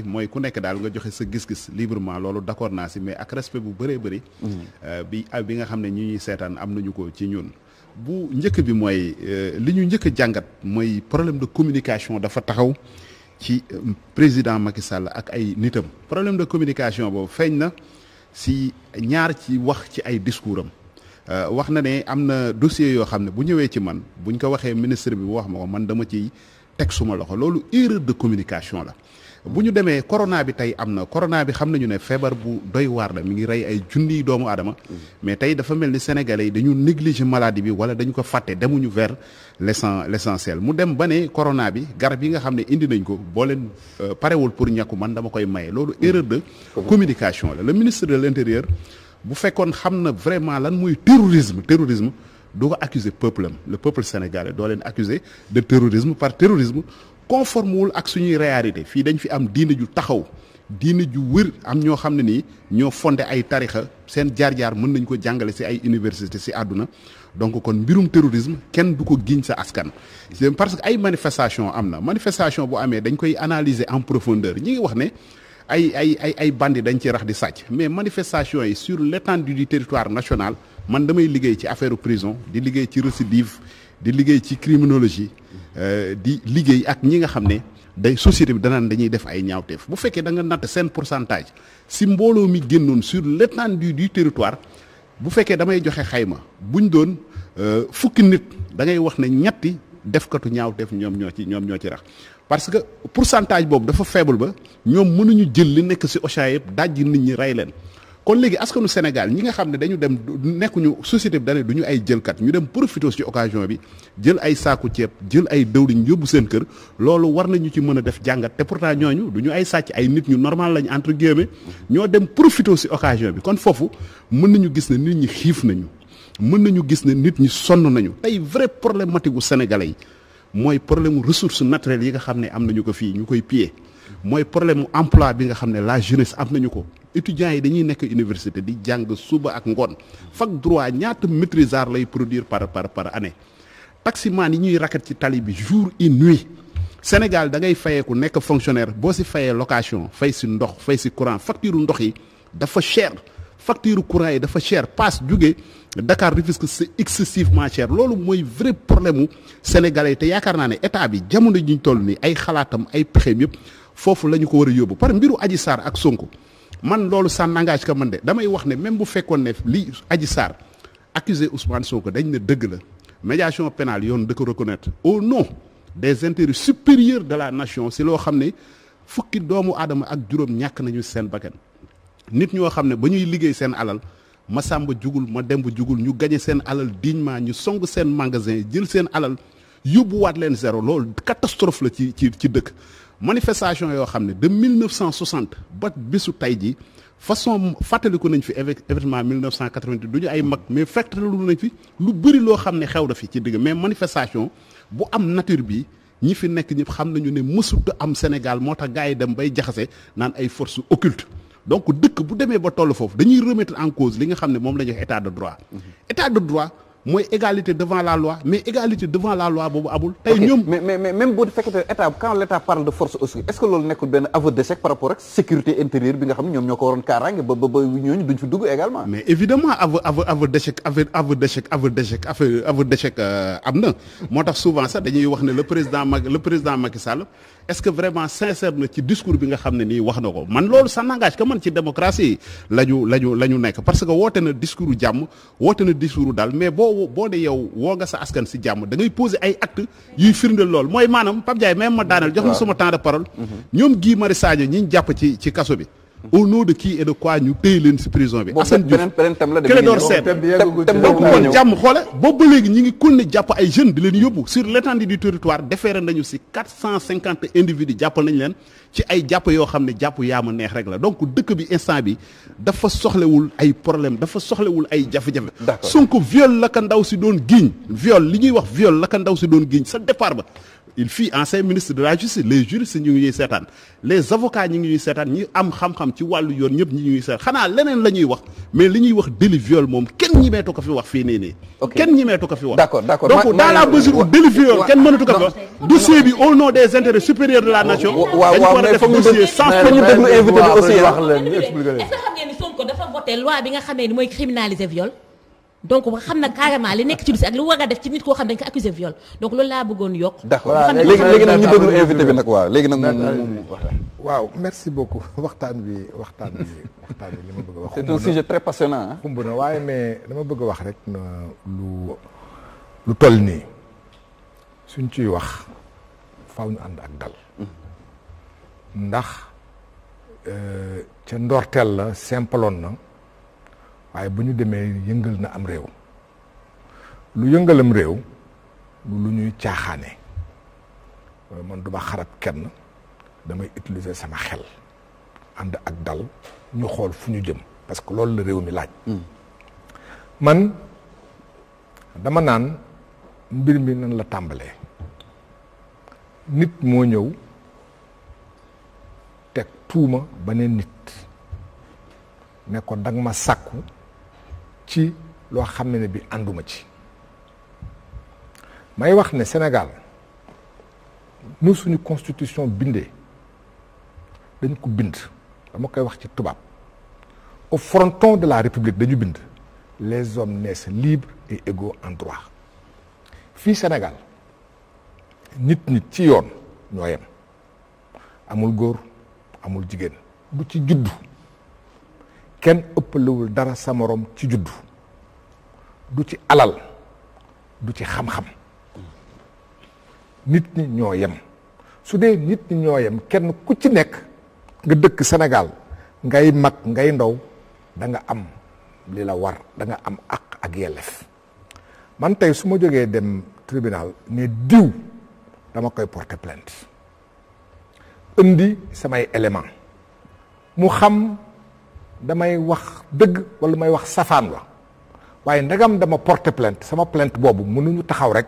mooy ku nekk daal nga joxe sa gis-gis librement loolu d'accord naa si mais ak respect bu bëree bëri. Mhm. Euh, bi nga xam ne ñi ñuy seetaan am nañu ko ci ñun. bu njëkk bi mooy euh, li ñu njëkk a jàngat mooy problème de communication dafa taxaw ci euh, président Macky Sall ak ay nitam. problème de communication boobu feeñ na si ñaar ci wax ci ay discours am. wax na ne am na dossier yoo xam ne bu ñëwee ci man buñ ko waxee ministre bi wax ma ko man dama ci teg suma loxo loolu erreur de communication la. bu ñu demee corona bi tey am na corona bi xam nañu ne feebar bu doy waar la mi ngi rey ay junniy doomu aadama mm. mais tey dafa mel ni sénégalais yi dañu négliger maladie bi wala dañu ko fàtte demuñu vers l'essent l'essentiel mu dem ba ne corona bi garab yi nga xam ne indi nañ ko boo leen euh, parewul pour ñàkku man dama koy maye loolu mm. erreur de communication la le ministre de l'intérieur bu fekkoon xam na vraiment lan muy terrorisme terrorisme doo ko accuser peuple am le peuple doo leen accuser de terrorisme par terrorisme conforme wul ak suñuy réalité fii dañ fi am diine ju taxaw diine ju wër am ñoo xam ne nii ñoo fondé ay tarixa seen jaar-jaar mën nañ ko jàngale si ay université si àdduna donc kon mbirum terrorisme kenn du ko giñ sa askan c'est parce que ay manifestation am na manifestation bu amee dañ koy analyser en profondeur ñi ngi wax ne ay ay ay ay bandi dañ ci rax di sàcc mais manifestation yi sur l'étendue du territoire national man damay liggéey ci affaire prison di liggéey ci récidive di liggéey ci criminologie euh, di liggéey ak ñi nga xam ne day société bi danaan dañuy def ay ñaawteef bu fekkee da nga natt seen pourcentage si mbooloo mi génnoon sur l'étendue du territoire bu fekkee damay joxe xayma buñ doon euh, fukki nit da wax ne ñetti defkatu ñaawteef ñoom ñoo ci ñoom ñoo ci rax parce que pourcentage boobu dafa faible ba ñoom mënuñu jël li nekk si Ocha yëpp dajji nit ñi rey leen. kon léegi askanu Sénégal ñi nga xam ne dañu dem nekkuñu société bi dane du ñu ay jëlkat ñu dem profité ci occasion bi jël ay saaku ceeb jël ay dëwlin yóbbu seen kër loolu war nañu ci mën a def jàngat te pourtant ñooñu du ñu ay sàcc ay nit ñu normal lañu entre guillemets ñoo dem profité ci occasion bi kon foofu mën nañu gis ne nit ñi xiif nañu mën nañu gis ne nit ñi sonn nañu tey vrai problématique gu sénégalais yi mooy problème ressources naturelles yi nga xam ne am nañu ko fii ñu koy piller mooy problème emploi bi nga xam ne la jeunesse am nañu ko étudiants yi dañuy nekk université di jàng suba ak ngoon fak droit ñaata maîtrisard lay produire par par par année taximaan yi ñuy raket ci tali bi jour et nuit Sénégal da ngay fayeeku nekk fonctionnaire boo si fayee location fay si ndox fay si courant facture ndox yi dafa cher facture courant yi dafa cher paas jóge Dakar Rufisque c'est excessivement cher loolu mooy vrai problème mu sénégalais te yaakaar naa ne état bi jamono ji toll nii ay xalaatam ay pexeem yëpp foofu la ñu ko war a yóbbu par mbiru Adji Sarr ak Sonko. man loolu ça n'engage que man de damay wax ne même bu fekkoon ne li Adji Sarr accusé Ousmane Sonko dañ ne dëgg la médiation pénale yoon da ko reconnaître au nom des intérêts supérieurs de la nation si loo xam ne fukki doomu aadama ak juróom ñàkk nañu seen bakkan nit ñoo xam ne ba ñuy liggéey seen alal ma sàmba jugul ma demb jugul ñu gañe seen alal maa ñu song seen magasin jël seen alal yóbbuwaat leen sero loolu catastrophe la ci ci ci dëkk manifestation yoo xam ne de 1960 ba bésu tey ji façon fàttaliku nañ fi événement 1988 du ñu ay mag mais fàttaliku nañ fi lu bëri loo xam ne xew na fi ci digg mais manifestation bu am nature bi ñi fi nekk ñëpp xam nañu ne mësut am Sénégal moo tax gars yi dem bay jaxase naan ay force occultes donc dëkk bu demee ba toll foofu dañuy remettre en cause li nga xam ne moom la ñuy état de droit mmh. état de droit. mooy égalité devant la loi mais égalité devant la loi boobu abul. tey ñoom mais mais même bu fekkee état quand l' état parle de force aussi est ce que loolu nekkul benn aveu d'échec par rapport ak sécurité intérieure bi nga xam ñoom ñoo ko waroon kaaraange ba ba ba ñooñu duñ fi dugg également. mais évidemment aveu aveu aveu d'échec aveu aveu d'échec aveu d'échec aveu euh, am na moo tax souvent sax dañuy wax ne le président Macky le président Macky Sall. est-ce que vraiment sincère na ci discours bi nga xam ne nii wax na ko man loolu ça n'engage que man ci démocratie la ñu la ñu nekk parce que woote na discours jàmm woote na discours daal mais boo boo ne yow woo nga sa askan si jàmm da ngay poser ay actes yuy firndeel loolu mooy maanaam Pape Ndiaye même ma daaneel jox na sama temps de mm-hmm. ñoom Guy Marius Sagna ñi ñu jàpp ci ci kaso bi au nom de qui et de quoi ñu téye leen si prison bi. Assane Diouf Clédor Sène donc kon jàmm xoole boobu ba léegi ñi ngi kon ne jàpp ay jeunes di leen yóbbu sur l'étendue du territoire déféré nañu si quatre cent cinquante individus jàppal nañu leen ci ay jàpp yoo xam ne jàpp yaa ma neex rek la donc dëkk bi instant bi dafa soxlewul ay problème dafa soxlewul ay jafe-jafe Sonko viol la ndaw si doon giiñ viol li ñuy wax viol la ndaw si doon giiñ sa départ ba il fut ancien ministre de la justice les juristes ñu ngi ñuy seetaan les avocats ñu ngi ñuy seetaan ñi am xam-xam ci wàllu yoon ñëpp ñi ñuy seetaan xanaa leneen la ñuy wax mais li ñuy wax délit viol moom kenn ñi meetu ko fi wax fii nii nii kenn ñi meetu ko fi wax d'accord d'accord donc dans la mesure où délit viol kenn des intérêts supérieurs de la nation dañu war a def dossier sans loi bi nga xamee ni mooy criminaliser viol donc xam na carrément li nekk ci bis ak lu war a def ci nit koo xam dañ ko accusé viol donc loolu laa bëggoon yokk. d'accord léegi léegi nag ñu déglu invité bi nag waaw léegi waaw merci beaucoup waxtaan bi waxtaan bi bi li ma bëgg a wax. c'est un sujet très passionnant ah. xumb na waaye mais dama bëgg a wax rek na lu toll nii suñ ciy wax faaw ñu ànd ak dal. Mm-hmm. ndax euh, ca ndorteel la simpaloon na. waaye bu ñu demee yëngal na am réew lu yëngalam réew lu lu ñuy caaxaane euh, man duma xarab kenn damay utiliser sama xel ànd ak dal ñu xool fu ñu jëm parce que loolu la réew mi laaj mm. man dama naan mbir mi nan la tàmbalee nit moo ñëw teg tuuma beneen nit ne ko danga ma sàkku ci loo xam ne bi ànduma ci may wax ne Sénégal nu suñu constitution bindee dañ ko bind dama koy wax ci tubaab au fronton de la République dañu bind les hommes naissent libres et égaux en droit fii Sénégal nit nit ci yoon ñoo yem amul góor amul jigéen bu ci juddu kenn ëppalewul dara sa morom ci juddu du ci alal du ci xam-xam nit ñi ñoo yem su dee nit ñi ñoo yem kenn ku ci nekk nga dëkk Sénégal ngay mag ngay ndaw danga am li la war da am àq ak yelleef man tey su ma jógee dem tribunal ne diw dama koy porter plainte indi samay élément mu xam damay wax dëgg walla may wax safaan wa waaye ndegam dama porter plant sama plainte boobu mënuñu taxaw rek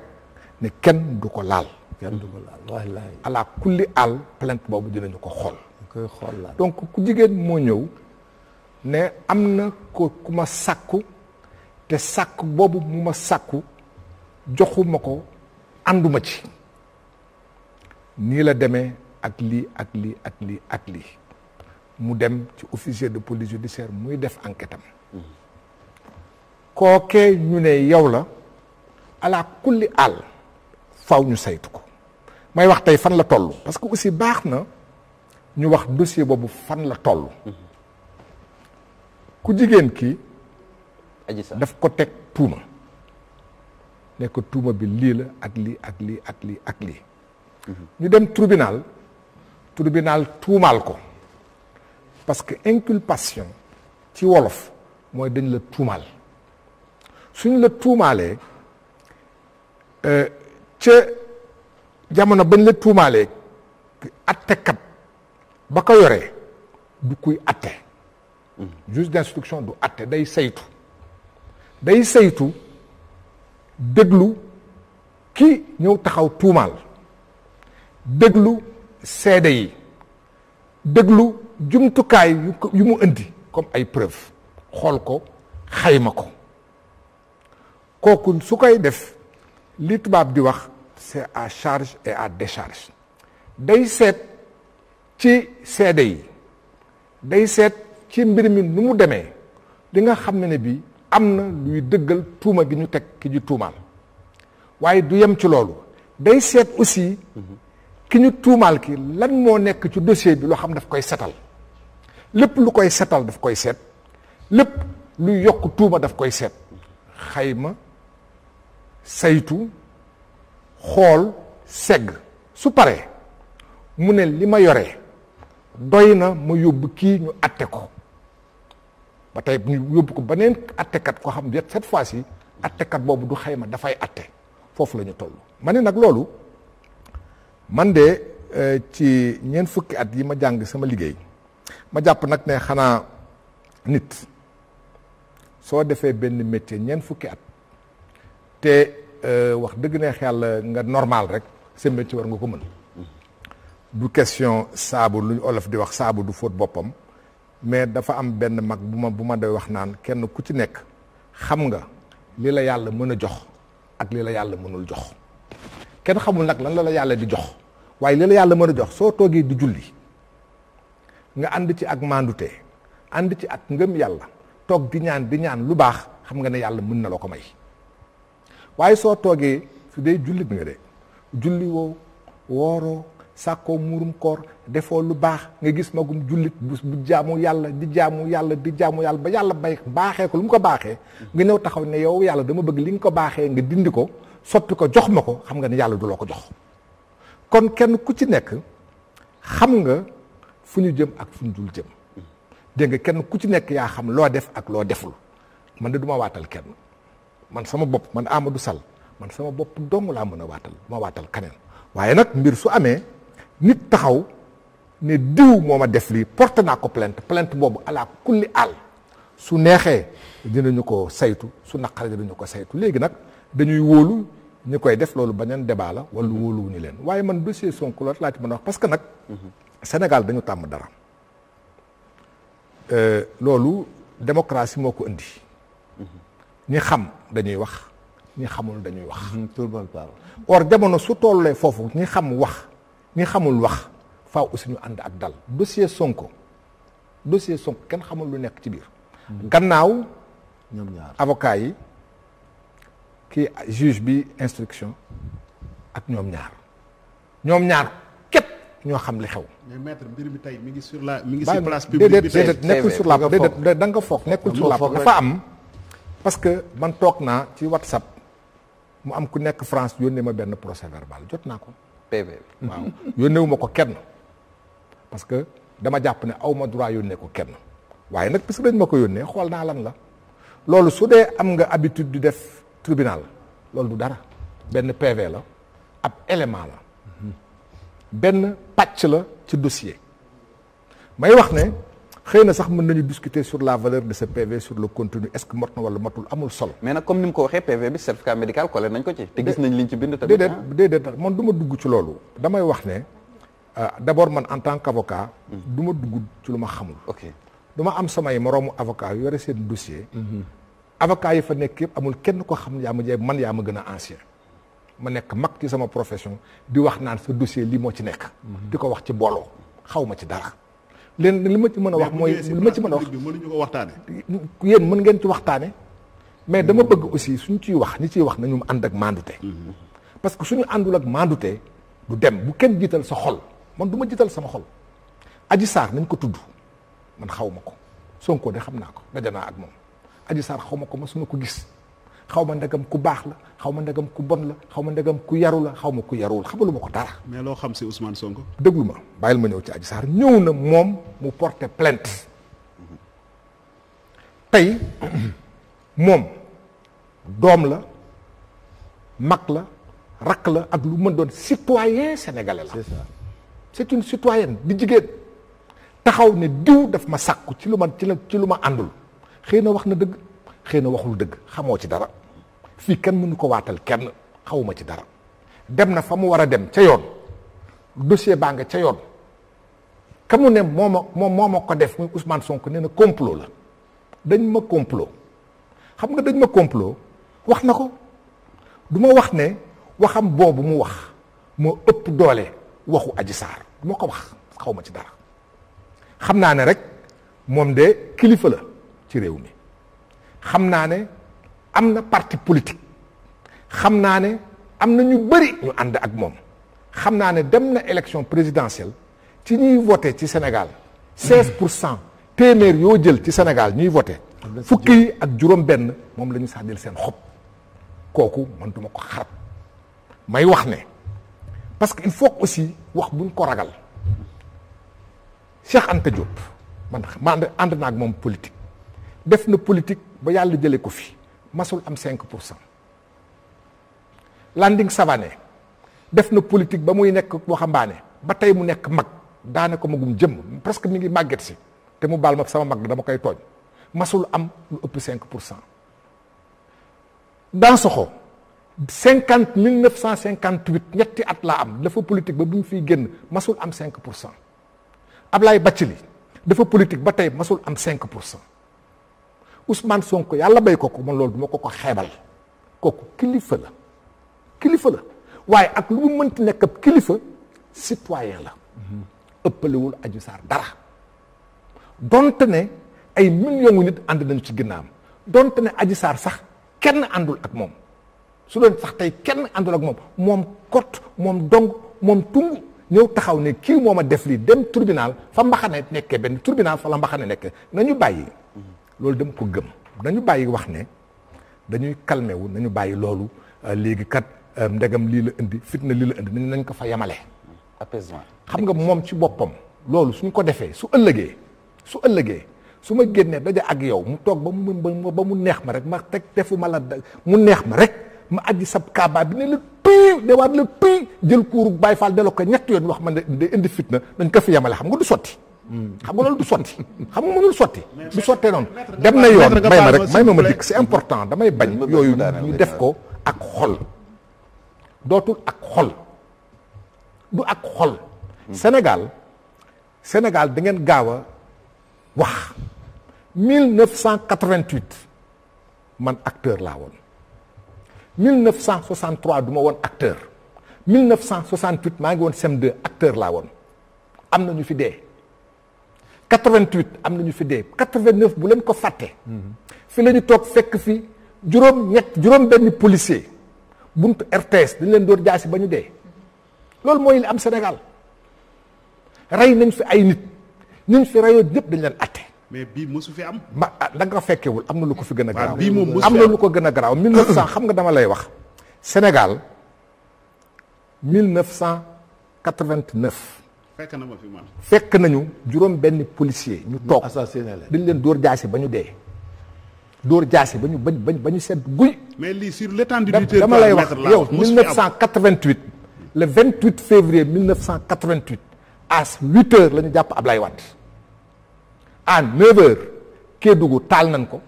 ne kenn du ko laal. kenn du ko laal wallaahi ala kulli àll plainte boobu dinañu ko xool. xool laal donc ku jigéen moo ñëw ne am na ko ku ma sàkku te sàkk boobu mu ma sàkku joxuma ko ànduma ci nii la demee ak lii ak lii ak lii ak lii. mu dem ci officier de police judiciaire muy def enquête am kookee ñu ne yow la ala kulli àll faw ñu saytu ko may wax tey fan la toll parce que aussi baax na ñu wax dossier boobu fan la toll ku jigéen ki daf ko teg tuuma nekk ko tuuma bi lii la ak lii ak lii ak lii ak lii mhm. ñu dem tribunal tribunal tuumaal ko parce que inculpation ci wolof mooy dañ la tuumaal suñ la tuumaalee euh, ca jamono bañ la tuumaalee attekat ba ko yore du kuy atte juge d'instruction du atte day saytu day saytu déglu ki ñëw taxaw tuumaal déglu seede yi déglu jumtukaay yu mu indi comme ay preuve xool ko xayma ko kooku su koy def li tubaab di wax c'est à charge et à décharge day seet ci seede yi day seet ci mbir mi nu mu demee li nga xam ne ne bii am na luy dëggal tuuma gi ñu teg ki ñu tuumaal waaye du yem ci loolu day seet aussi mhm. ki ñu tuumaal ki lan moo nekk ci dossier bi loo xam daf koy setal lépp lu koy setal daf koy seet lépp lu yokk tuuma daf koy set xayma saytu xool segg su pare mu ne li ma yore doy na ma yóbbu kii ñu atte ko ba tey ñu yóbbu ko beneen attekat koo xam ne cette fois ci attekat boobu du xayma dafay atte foofu la ñu toll ma ne nag loolu man de euh, ci ñeent fukki at yi ma jàng sama liggéey ma jàpp nag ne xanaa nit soo defee benn métier ñeent fukki at te euh, wax dëgg neex yàlla nga normal rek sa métier war nga ko mën du question saabu lu olof di wax saabu du fóot boppam mais dafa am benn mag bu ma bu ma doy wax naan kenn ku ci nekk xam nga li la yàlla mën a jox ak li la yàlla mënul jox kenn xamul nag lan la la yàlla di jox waaye li la yàlla mën a jox soo toogee di julli nga ànd ci ak maandute ànd ci ak ngëm yàlla toog di ñaan di ñaan lu baax xam nga ne yàlla mën na la ko may waaye soo toogee su dee jullit nga de julli woo wooroo sàkkoo muurum koor defoo lu baax nga gis magum jullit bu jaamu yàlla di jaamu yàlla di jaamu yàlla ba yàlla bay baaxee ko lu mu ko baaxee nga ñëw taxaw ne yow yàlla dama bëgg li nga ko baaxee nga dindi ko sotti ko jox ma ko xam nga ne yàlla du la ko jox kon kenn ku ci nekk xam nga fu ñu jëm ak fu ñu dul jëm dégg nga kenn ku ci nekk yaa xam loo def ak loo deful man de du ma waatal kenn man sama bopp man Amadou Sall man sama bopp dong laa mën a waatal du waatal keneen waaye nag mbir su amee nit taxaw ne diw moom a def lii porte naa ko plainte plainte boobu ala kulli àll su neexee ñu ko saytu su naqaree dinañu ko saytu léegi nag dañuy wóolu ñu koy def loolu beneen débat la wala wóoluwuñu leen waaye man dossier Sonko loolu laa ci mën a parce que nag. Mhm. Sénégal dañu tàmm dara euh, loolu démocratie moo ko indi ñi xam dañuy wax ñi xamul dañuy wax. Mm-hmm, or jamono su tollee foofu ñi xam wax ñi xamul wax faaw aussi ñu ànd ak dal dossier Sonko dossier Sonko kenn xamul lu nekk ci biir. Mm-hmm. gannaaw. ñoom ñaar avocat yi kii juge bi instruction ak ñoom ñaar ñoom ñaar. ñoo xam li xew. mais maître mbir mi tey mi ngi sur la mi ngi sur place bi tey déedéet nekkul sur la déedéet da nga foog nekkul sur la dafa am. parce que man toog naa ci whatsapp mu am ku nekk France yónnee ma benn procès verbal jot naa ko. PV waaw yónnee ma ko kenn. parce que dama jàpp ne awma ma droit yónnee ko kenn waaye nag puisque dañ ma ko yónnee xool naa lan la loolu su dee am nga habitude di def tribunal loolu du dara benn PV la ab élément la. benn pàcc la ci dossier may wax ne xëy na sax mën nañu discuter sur la valeur de ce PV sur le contenu est-ce que mot na wala motul amul solo. mais nag comme ni mu ko waxee PV bi certificat médical collé nañ ko ci. te gis nañ liñ ci bind tamit. déedéet ah. déedéet man du ma dugg ci loolu. damay wax ne euh, d'abord man en tant qu'avocat. Mm. du ma dugg ci lu ma xamul. ok du ma am samay moroomu avocat yore seen dossier. Mm-hmm. avocat yi fa nekk yëpp amul kenn ko xam yaa ma jeex man yaa ma gën a ancien. ma nekk mag ci sama profession di wax naan sa dossier li moo ci nekk. di ko wax ci booloo xaw ma ci dara. leen li ma ci mën a wax mooy li ma ci mën a wax mënuñu ko waxtaane yéen mën ngeen ci waxtaane mais dama bëgg aussi suñ ciy wax ñi ciy wax nañu ànd ak mandute parce que suñu àndul ak mandute du dem bu kenn jiital sa xol man du ma jiital sama xol aji saar nañ ko tudd man xaw ma ko sonko de xam naa ko dajanaa ak moom aji saar xaw ma ko ma su ma ko gis xaw ma ndegam ku baax la xaw ma ndegam ku bon la xaw ma ndegam ku yaru la xaw ma ku yaruwul xamalu ma ko dara. mais loo xam si Ousmane Sonko. déglu ma bàyyil ma ñëw ci Adji Sarr ñëw na moom mu porter plainte tey moom doom la mag la rakk la ak lu mën doon citoyen sénégalais la. c'est ça c'est di jigéen taxaw ne diw daf ma sàkku ci lu ma ci ci lu ma àndul xëy na wax na dëgg xëy na waxul dëgg xamoo ci dara. fii kenn mënu ko waatal kenn xawuma ci dara dem na fa mu war a dem ca yoon dossier baa nga ca yoon ka mu ne moo ma moo ko def muy Ousmane Sonko nee na complot la dañ ma complot xam nga dañ ma complot wax na ko du ma wax ne waxam boobu mu wax moo ëpp doole waxu Adji Sarr du ko wax xaw ma ci dara xam naa ne rek moom de kilifa la ci réew mi xam naa ne am na parti politique xam naa ne am na ñu bëri ñu ànd ak moom xam naa ne dem na élection présidentielle ci ñuy voté ci Sénégal 16 pour cent téeméer yoo jël ci Sénégal ñuy voté fukki ak juróom-benn moom la ñu sàddil seen xob kooku man duma ko xarab may wax ne parce que il faut aussi wax buñ ko ragal Cheikh Anta Diop man ma ànd naa ak moom politique def na politique ba yàlla jëlee ko fi masul am 5 pour cent Landing Savané def na politique ba muy nekk waxambaane ba tey mu nekk mag daanaka magum jëmm presque mi ngi màgget si te mu baal ma sama mag dama koy tooñ masul am lu ëpp pour cent Dansokho cinquante mille neuf cinquante huit ñetti at laa am dafa politique ba bu ñu génn masul am 5 pour cent Ablaye Bathily dafa politique ba tey masul am cinq pour cent Ousmane sonk yàlla bay ko ko man loolu duma ko ko xeebal kooku kilifa la kilifa la waaye ak lu mu mënti nekk ab kilifa citoyen la ëppalewul Adji Sarr dara donte ne ay millions nit ànd nañ ci ginnaam dont ne Adji Sarr sax kenn àndul ak moom su doon sax tey kenn àndul ak moom moom kot moom dong moom tung ñëw taxaw ne kii moo ma def lii dem tribunal fa mbaxane nekkee benn tribunal fa la mbaxane nekkee nañu bàyyi loolu dem ko gëm dañu bàyyi wax ne dañuy calmer wu nañu bàyyi loolu euh, léegi kat euh, ndegam lii la indi fitna lii la indi nañ ko fa yemale. apaisement xam nga moom ci boppam loolu suñ ko defee su ëllëgee su ëllëgee su ma génnee daje ak yow mu toog ba mu ba mu neex ma rek ma teg defu ma la mu neex ma rek ma aji sab kaaba bi ne la tuy dewaat la tuy jël kuuru Baay Faal delloo ko ñett yoon wax man de indi fitna dañ ko fi yemale xam nga du sotti. xam nga loolu du sotti xam nga mënul sotti du sottee noonu dem na yoon may ma rek may ma ma dikk c'est important damay bañ yooyu ñu def ko ak xol dootul ak xol du ak xol hmm. Sénégal Sénégal da ngeen gaaw a wax 1988 man acteur laa woon 1963 du ma woon acteur 1968 maa ngi woon CM2 acteur laa woon am na ñu fi dee 88 am ñu fi dee 89 bu leen ko fàtte. fi la ñu toog fekk fi juróom ñett juróom benn policier buntu RTS dañ leen door si ba ñu dee. loolu mooy li am Sénégal rey nañ fi ay nit ñun fi reyoo ñëpp dañ leen atte. mais bii mosu fi am. ma da ah, nga fekkewul am na lu ko fi gën a. garaaw bii moom am na lu ko gën a garaaw 1900 xam nga dama lay wax. Sénégal 1989. fekk na ma fekk nañu juróom benn policier ñu toog assassiné leen dañ leen dóor jaase ba ñu dee dóor jaase ba ñu ba ba ba ñu sedd guy mais lii sur l'étendue du territoire dama lay wax yow 1988 le 28 février 1988 à 8 heures la ñu jàpp Ablaye Wade wat 9 heures Kédougou taal nañ ko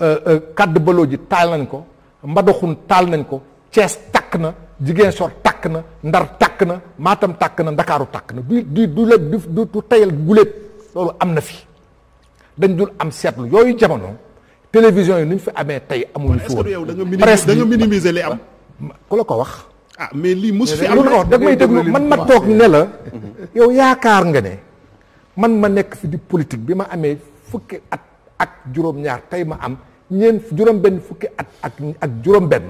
euh, euh, Kaddu Baloo ji taal nañ ko Mbadoxun taal nañ ko cees takk na Ziguinchor tàkk na Ndar takk na Matam tàkk na Ndakaaru takk na du du du la du du tayal guléet loolu am na fi dañ dul am seetlu yooyu jamono télévision yi nu ñu fi amee tey amuñu fi woon presse da nga minimiser li am ku la ko wax ah mais lii mos fi am ko da man ma toog ne la yow yaakaar nga ne man ma nekk fi di politique bi ma amee fukki at ak juróom-ñaar tey ma am ñeent juróom benn fukki at ak ak juróom benn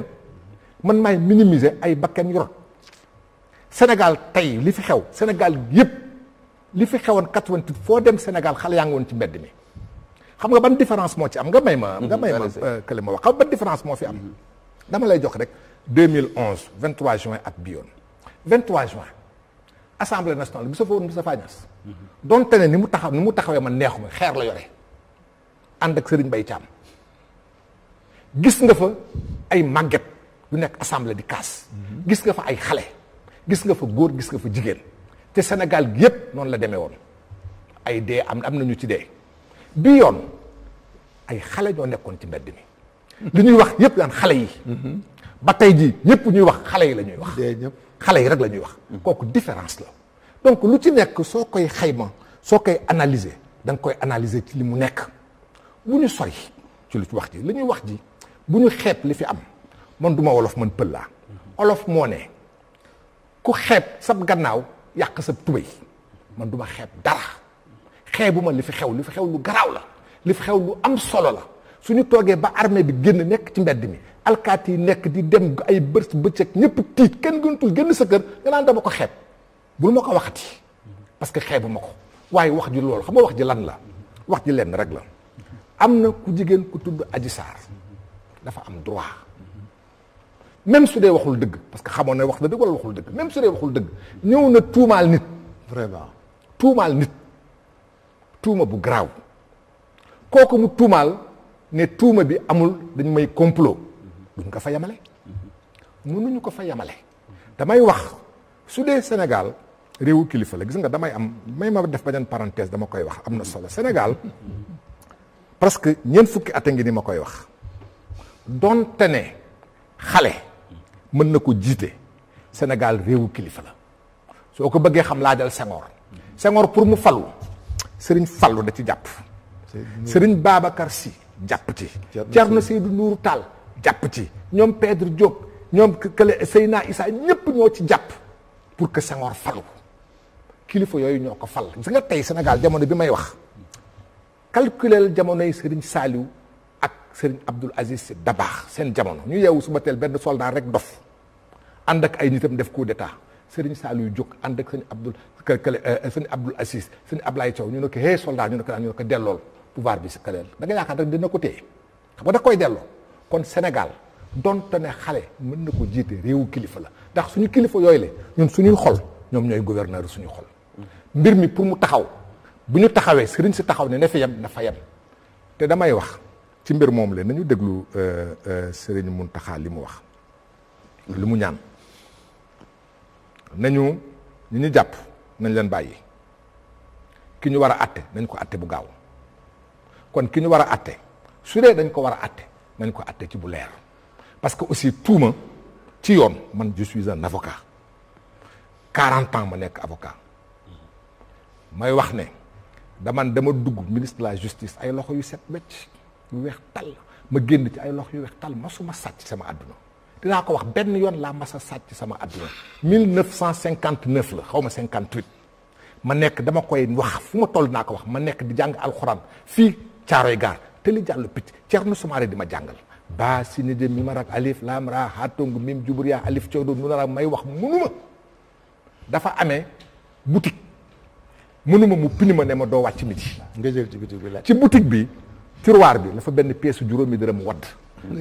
man maay minimiser ay bakken yu rot Sénégal tey li fi xew Sénégal yëpp li fi xewoon 88 foo dem Sénégal xale yaa ngi woon ci mbedd mi xam nga ban différence moo ci am nga may ma. nga may ma kële mm-hmm, euh, wax xam ban différence moo fi am. Mm-hmm. dama lay jox rek 2011 23 juin at bi yoon 23 juin assemblée nationale bi sa fa woon Moustapha Niasse. donte ne ni mu taxaw ni mu taxawee man neexu ma xeer la yore ànd ak Serigne Mbaye Thiam gis nga fa ay màgget. lu nekk assemblée di kaas. gis nga fa ay xale. gis nga fa góor gis nga fa jigéen. te Sénégal gi yëpp noonu la demee woon ay dee am am na ñu ci dee bi yoon ay xale ñoo nekkoon ci mbedd mi. lu ñuy wax yëpp daan xale yi. ba tey jii ñëpp ñuy wax xale yi la ñuy wax. xale yi rek la ñuy wax. kooku différence la. donc lu ci nekk soo koy xayma soo koy analyser da nga koy analyser ci li mu nekk bu ñu sori ci lu ci wax ji li ñuy wax ji bu ñu xeeb li fi am. man duma wolof man pël laa olof moo ne ku xeeb sab gannaaw yàq sab tubéy man duma xeeb dara xeebuma li fi xew li fi xew lu garaaw la li fi xew lu am solo la su ñu toogee ba armée bi génn nekk ci mbedd mi alkaati yi nekk di dem ay bës bëccëg ñëpp tiit kenn gënatul génn sa kër nga naan dama ko xeeb bul ma ko waxati parce que xeebuma ko waaye wax ji loolu xam nga wax ji lan la wax ji lenn rek la am na ku jigéen ku tudd aji Sarr dafa am droit même su dee waxul dëgg parce que xamoon na wax na dëgg wala waxul dëgg même su dee waxul dëgg ñëw na tuumaal nit. vraiment tuumaal nit tuuma bu garaaw kooku mu tuumaal ne tuuma bi amul dañ may complot duñ ko fa yamale. mënuñu ko fa yamale. damay wax su dee Sénégal réewu kilifa la gis nga damay am may ma def beneen parenthèse dama koy wax am na solo Sénégal parce que ñeent fukki at ngi ni ma koy wax donte ne xale. mën na ko jiite senegal réewu kilifa la soo ko bëggee xam laajal Senghor Senghor pour mu falu sëriñ fallu da ci jàpp sëriñ Babacar Sy jàpp ci na Seydou Nourou Tall jàpp ci ñoom Pedro Diop ñoom kële Seyna Issa ñépp ñoo ci jàpp pour que Senghor fallu kilifa yooyu ñoo ko fal gis nga tey Sénégal jamono bi may wax calculeel jamonoy sëriñ Saliou ak sëriñ Abdoul Aziz Sy Dabakh seen jamono ñu yeewu suba teel benn soldat rek dof ànd ak ay nitam def coup d'état Serigne Saliou jóg ànd ak sëñ Abdul kale sëñ Abdul Aziz sëñ Ablaye Thiaw ñu ne ko hé soldat ñu ne ko ko dellool pouvoir bi si kaleel da nga yaakaar rek dina ko téye xam nga da koy delloo kon Sénégal donte ne xale mën na ko jiite réewu kilifa la ndax suñu kilifa yooyu la ñun suñuy xol ñoom ñooy gouverneur suñu xol mbir mi pour mu taxaw bu ñu taxawee sëriñ si taxaw ne na fi yem na fa yem te damay wax ci mbir moom la nañu déglu euh, euh, sëriñ Mountakha li mu wax li mu ñaan nañu ñu ñu jàpp nañ leen bàyyi ki ñu war a atte nañ ko atte bu gaaw kon ki ñu war a atte su dee dañ ko war a atte nañ ko atte ci bu leer parce que aussi tuuma ci yoon man je suis un avocat quarante ans ma nekk avocat may wax ne daman dama dugg ministre la justice ay loxo yu set wecc yu weex tal ma génn ci ay loxo yu weex tal ma suma sàcc sama àdduna dinaa ko wax benn yoon laa masa a sàcc sama àdduna 1959 la xawma ma 58 ma nekk dama koy wax fu ma toll naa ko wax ma nekk di jàng alxuraan fii caaroy gaar te li jàll picc Thierno Soumaré di ma jàngal baa si ni de mi ma rak alif laam ra hatung mim jubur yaa alif coodo nu nara may wax munuma dafa amee boutique munuma mu pini ma ne ma doo wàcc midi nga jël ci boutique bi la ci boutique bi tiroir bi la fa benn pièce juróomi dërëm wadd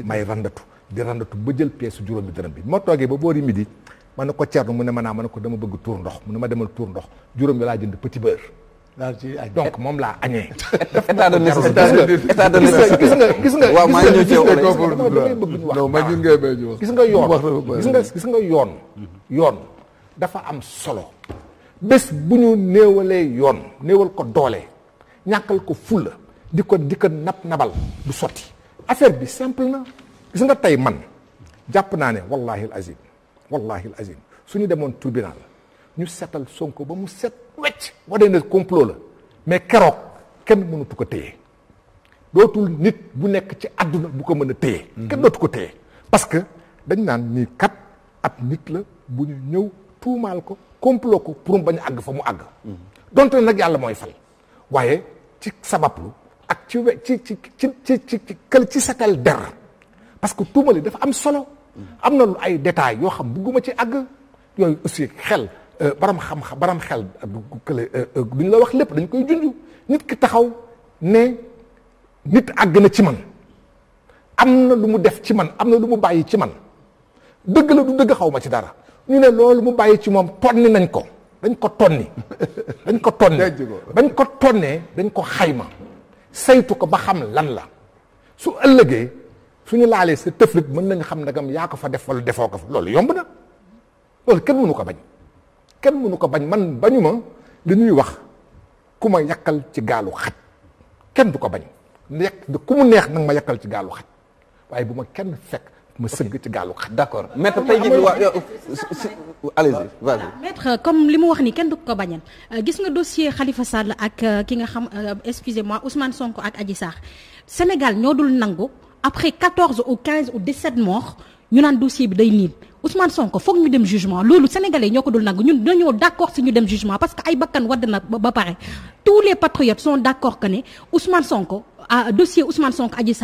may randatu di randatu ba jël pièce su juróomi dërëm bi moo toogee ba boori midi ma ne ko cernu mu ne ma naa ma ne ko dama bëgg tuur ndox mu ne ma demal tuur ndox juróom bi laa jënd petit beurre donc moom laa añee. état de nécessité état gis nga gis nga. waaw maa ngi ñëw ci yow rek gis nga yoon gis nga gis nga yoon. yoon dafa am solo. bés bu ñu néewalee yoon néewal ko doole ñàkkal ko fulla di ko dikk ko nab nabal du sotti affaire bi simple na. gis nga tey man jàpp naa ne wallahi al azim wallahi al azim suñu demoon tribunal ñu setal Sonko ba mu set wecc wane na complot la mais keroog kenn mënatu ko téye dootul nit bu nekk ci àdduna bu ko mën a téye kenn ko téye parce que dañ naan nii kat ab nit la bu ñu ñëw tuumaal ko complot ko pour mu bañ àgg fa mu àgg donte nag yàlla mooy fal waaye ci sabablu ak ci we ci ci ci ci ci ci setal der parce que tuuma li dafa am solo. am na lu ay détails yoo xam bugguma ci àgg yooyu aussi xel euh, baram xam-xam baram xel euh, kële duñ euh, la wax lépp dañ koy junj nit ki taxaw ne nit àgg na ci man am na lu mu def ci man am na lu mu bàyyi ci man dëgg la du dëgg xaw ma ci dara ñu ne loolu mu bàyyi ci moom tonni nañ ko dañ ko tonni dañ ko tonni bañ ko tonnee dañ ko xayma saytu ko ba xam lan la su ëllëgee suñu laalee sa tëflit mën nañu xam nagam yaa ko fa def wala defoo ko fa loolu yomb na loolu kenn mënu ko bañ kenn mënu ko bañ man bañu ma li ñuy wax ku ma yàkkal ci gaalu xaj kenn du ko bañ nekk ku mu neex nag ma yàkkal ci gaalu xaj waaye bu ma kenn fekk ma sëgg ci gaalu xaj. d'accord maître tey jii waa allez-y comme li mu wax ni kenn du ko bañal euh, gis nga dossier Khalifa Sall ak euh, ki nga xam euh, excusez-moi Ousmane Sonko ak Adji Sarr Sénégal ñoo dul nangu. après 14 ou 15 ou 17 morts ñu naan dossier bi day niin Ousmane Sonko foog ñu dem jugement loolu sénégalais ñoo ko dul nangu ñun dañoo d'accord si ñu dem jugement parce que ay bakkan wadd na ba pare tous les patriotes sont d'accord que ne Ousmane Sonko ah, dossier Ousmane Sonko ah, génn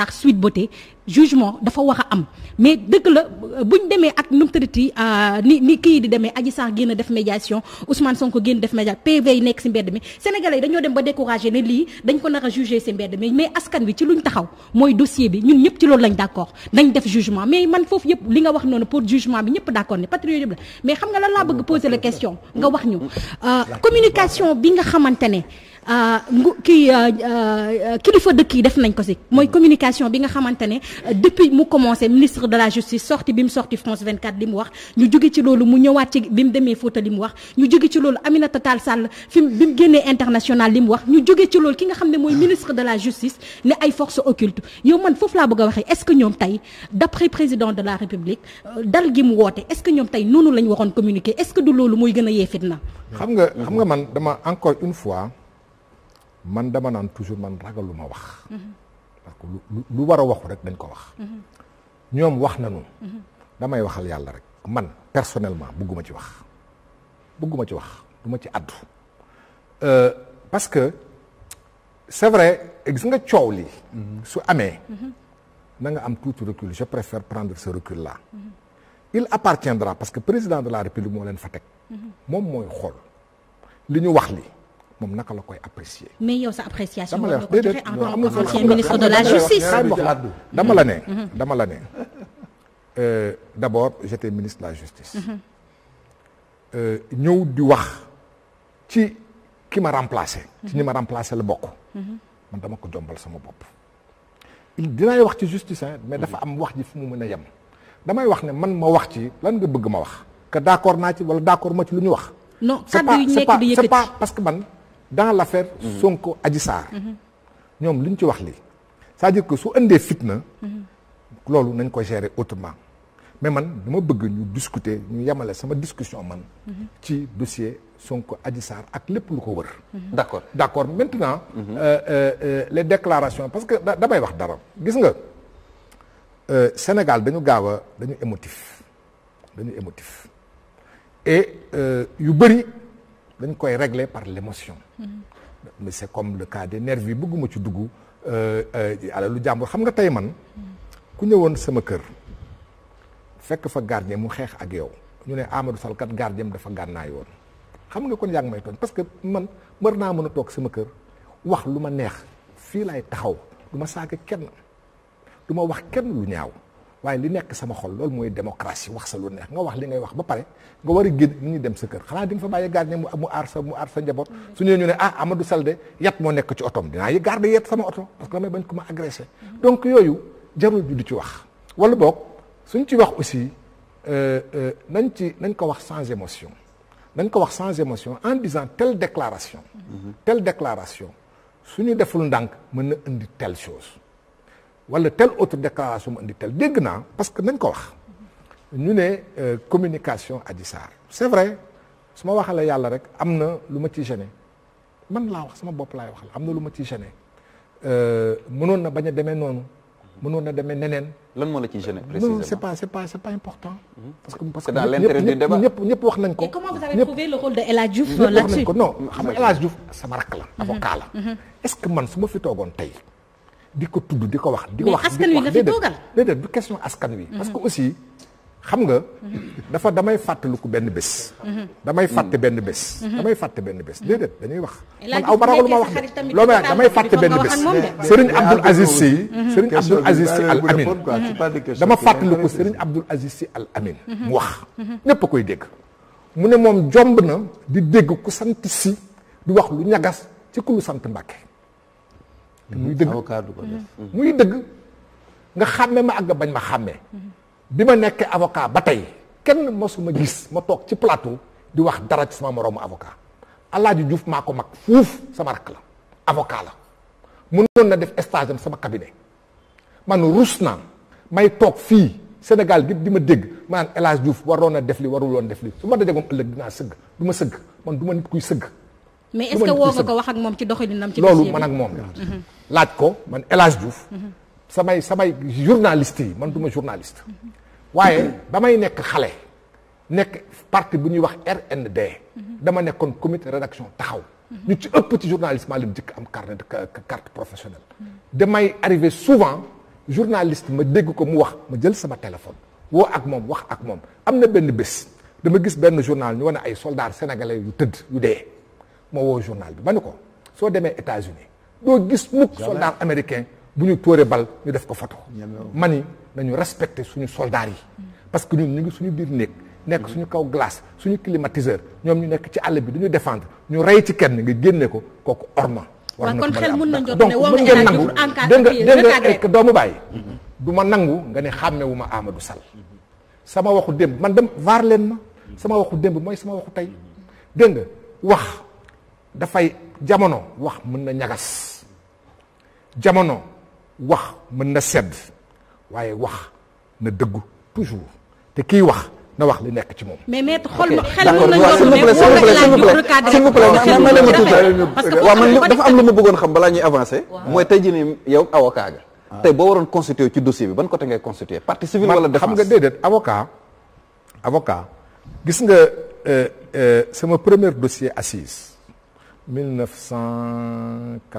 def médiation Ousmane Sonko génn nekk si mbedd mi sénégalais yi dañoo dem ba découragé ne lii dañ ko nar a si mbedd mi mais askan wi ci luñ taxaw mooy dossier bi ñun ñëpp ci loolu lañ d'accord nañ def jugement mais man foofu yëpp li nga wax noonu pour jugement bi ñëpp d'accord ne patriote yëpp la mais xam nga lan laa bëgg poser la question nga wax ñu euh, communication bi nga xamante ne Euh, ngu kii euh, euh, kilifa dëkk yi def nañ ko si mooy mm-hmm. communication bi nga xamante ne depuis mu commencé ministre de la justice sorti bi mu sorti France 24 li mu wax ñu jóge ci loolu mu ñëwaat ci bi mu demee Fouta mu wax ñu jóge ci loolu Aminata Tall Sall fi bi mu génnee international li mu wax ñu jóge ci loolu ki nga xam ne mooy ministre de la justice ne ay forces occultes yow man foofu laa bëgg a waxee est-ce que ñoom tey d'après président de la république dal gi mu woote est-ce que ñoom tey noonu lañ loolu mooy gën a yee fitna xam nga xam nga man dama fois man dama naan toujours man ragalu ma wax. parce que lu lu war a waxu rek dañ ko wax. ñoom wax nañu. damay waxal yàlla rek man personnellement bëgguma ci wax bëgguma ci wax du ma ci àddu. Euh, parce que c'est vrai gis nga coow li su amee. na nga am tuuti recul je préfère prendre ce recul là. il appartiendra parce que président de la république moo leen fa teg. moom mooy xool li ñu wax li moom naka la koy apprécier. mais sa appréciation. dama la la justice. dama la ne. Mm-hmm. Mm-hmm. dama la ne euh, d'abord j'étais ministre de la justice. Mm-hmm. Euh, ñëw di wax ci ki ma remplacé. ci ñi ma remplacé la bokk. man dama ko jombal sama bopp. dinaay wax ci justice hein mais dafa am wax ji fu mu mën a yem. damay wax ne man ma wax ci lan nga bëgg ma wax. que d'accord naa ci wala d'accord ma ci lu ñu wax. non kàddu c'est pas parce que man. dans l' affaire Sonko Adji Sarr ñoom luñ ci wax li c'est-à-dire que su fitna loolu nañ ko gérer autrement mais man dama bëgg ñu discuter ñu yemale sama discussion man ci dossier Sonko Adji ak lépp lu ko wër d' accord d' accord maintenant euh, euh, euh, les déclarations parce que damay wax dara gis nga Sénégal dañu gaaw a dañu émotif dañu émotif et yu bëri dañ koy régler par l'émotion mm-hmm. mais c'est comme le cas des nervis bëgguma ci dugg euh, euh, lu jàmbur xam nga tey man mm-hmm. ku ñëwoon sama kër fekk fa gardien mu xeex ak yow ñu ne Amadou Sall kat gardien dafa gànnaay woon xam nga kon yaa ngi may tooñ parce que man mër naa mën a toog sama kër wax lu ma neex fii lay taxaw du ma saaga kenn du ma wax kenn lu ñaaw waaye li nekk sama xol loolu mooy démocratie wax sa lu neex nga wax li ngay wax ba pare nga war a génn nit ñi dem sa kër xanaa di nga fa bàyyi gardien mu mu aar sa mu aar sa njaboot mm-hmm. su ñëwee ñu ne ah Amadou Saldé yat moo nekk ci otoom dinaa yi garde yet sama oto parce que damay bañ ko ma mm-hmm. donc yooyu jarul du ci wax wala boog suñ ci wax aussi euh, euh, nañ ci nañ ko wax sans émotion nañ ko wax sans émotion en disant telle déclaration mm-hmm. telle déclaration suñu deful ndànk mën na indi telle chose wala telle autre déclaration mu indi tel dégg naa parce que nañ ko wax ñu ne euh, communication Adji Sarr c'est vrai su ma waxalee yàlla rek am na lu ma ci gêné man laa wax sama bopp laay waxal am na lu ma ci gêné euh, mënoon na bañ a demee noonu mënoon na demee neneen. lan moo ci gêné précisément non c'est pas c'est pas c'est pas important. parce que parce que dans l'intérêt du ñëpp ñëpp wax nañ ko. et comment wax nañ ko non xam na El Hadj Diouf sama rakk la avocat mhm, mhm. est-ce que man su ma fi toogoon tey. di ko tudd di ko wax. di ko wax askan wi nga fi toogal déedéet du question askan wi. parce que aussi xam nga. dafa damay fàttaliku benn bés. damay fàtte benn bés. damay fàtte benn bés déedéet dañuy wax. man aw ma ragal ma wax de damay fàtte benn bés. Serigne Abdoul Aziz Sy. Serigne Abdoul Aziz Sy Al Amin dama fàttaliku Serigne Abdoul mhm. Aziz Sy Al mu wax ñëpp a koy dégg. mu ne moom jomb na di dégg ku sant si di wax lu ñagas ci ku lu sant Mbàkke. te muy dëgg avocat du ko def mm-hmm. nga xàmme ma ak bañ ma xàmme mm-hmm. bi ma nekkee avocat ba tey kenn ma gis ma toog ci plateau di wax dara sama moroomu avocat Alaaji Diouf maa ko mag fuuf sama rakk la avocat la mënoon na def stage am sama cabinet man rus naa may toog fii Sénégal gépp di ma dégg maanaam El Hadj Diouf waroon na def li warul woon def li su ma dajegoom ëllëg dinaa sëgg du ma sëgg man du ma nit kuy sëgg mais est-ce que woo nga ko wax ak moom loolu man ak moom la mhm. laaj ko man El Hadj Diouf mhm. samay samay journaliste yi man du ma journaliste mhm. waaye ba may nekk xale nekk parti bu ñuy wax RND dama nekkoon comité rédaction taxaw ñu ci ëpp ci journaliste maa leen jëkk am carnet de carte professionnelle damay arrivé souvent journaliste ma dégg ko mu wax ma jël sama téléphone woo ak moom wax ak moom am na benn bés dama gis benn journal ñu wane ay soldats sénégalais yu tëdd yu dee ma woo journal bi ma ni ko soo demee États-Unis doo gis mukk soldat américain bu ñu tóoree bal ñu def ko photo ma na ñu respecté suñu soldaar yi parce que ñun ñu ngi suñu biir néeg nekk suñu kaw glace suñu climatiseur ñoom ñu nekk ci àll bi duñu défendre ñu rey ci kenn nga génnee ko kooku orma war na donc mën ngeen nangu dégg nga dégg nga doomu bàyyi du ma nangu nga ne xàmmewu ma Amadou sal sama waxu démb man dem vaar leen ma sama waxu démb mooy sama waxu tey dégg nga wax dafay jamono wax mën na ñagas jamono wax mën na sedd waaye wax na dëggu toujours te kii wax na wax li nekk ci moom. mais maître xol xel mën nañu doon mais moom rek laa ñu recadré. s'il vous plaît man man ma tuuti waaw man dafa am lu ma bëggoon xam balaa ñuy avancé. mooy tey jii nii yow avocat ga. Ah. tey boo waroon constitué ci dossier bi ban côté ngay constitué partie civile wala défense xam nga déedéet avocat avocat gis nga euh, euh, sama premier dossier assise 1983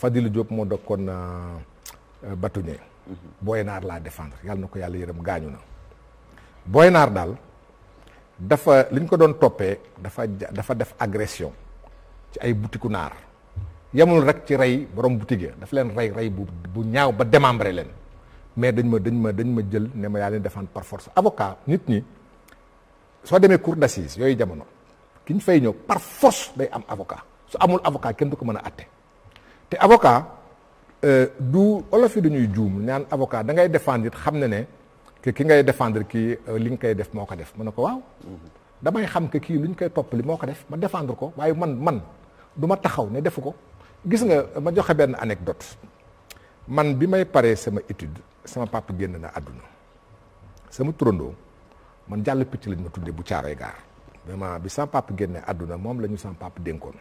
Fadilou Diop moo dokkoon euh, euh, bâtonnier mhm. Boynaar laa défendre yàlla na ko yàlla yërëm gaañu na Boynaar daal dafa li ko doon toppee dafa dafa def agression ci ay butiku naar yemul rek ci rey borom boutique dafa leen rey rey bu bu ñaaw ba démembré leen mais dañ ma dañ ma dañ ma jël ne ma yaa leen défendre par force avocat nit ñi soo demee cour d'assises yooyu jamono ki ñu fay ñëw par force day am avocat su amul avocat kenn du ko mën a atte te avocat euh, du olof yi dañuy juum ñaan avocat da ngay défendre xam ne ne ki ngay défendre kii euh, li nga koy def moo ko def mu ne ko waaw damay xam kii lu ñu koy toppali moo ko def ma défendre ko waaye man man du ma taxaw ne defu ko gis nga ma joxe benn anecdote man bi may paree sama étude sama papa génn na àdduna sama turandoo man jàll picc lañ ma tuddee bu caaroy gaar vraiment bi sama papa génne àdduna moom la ñu sama papa dénkoon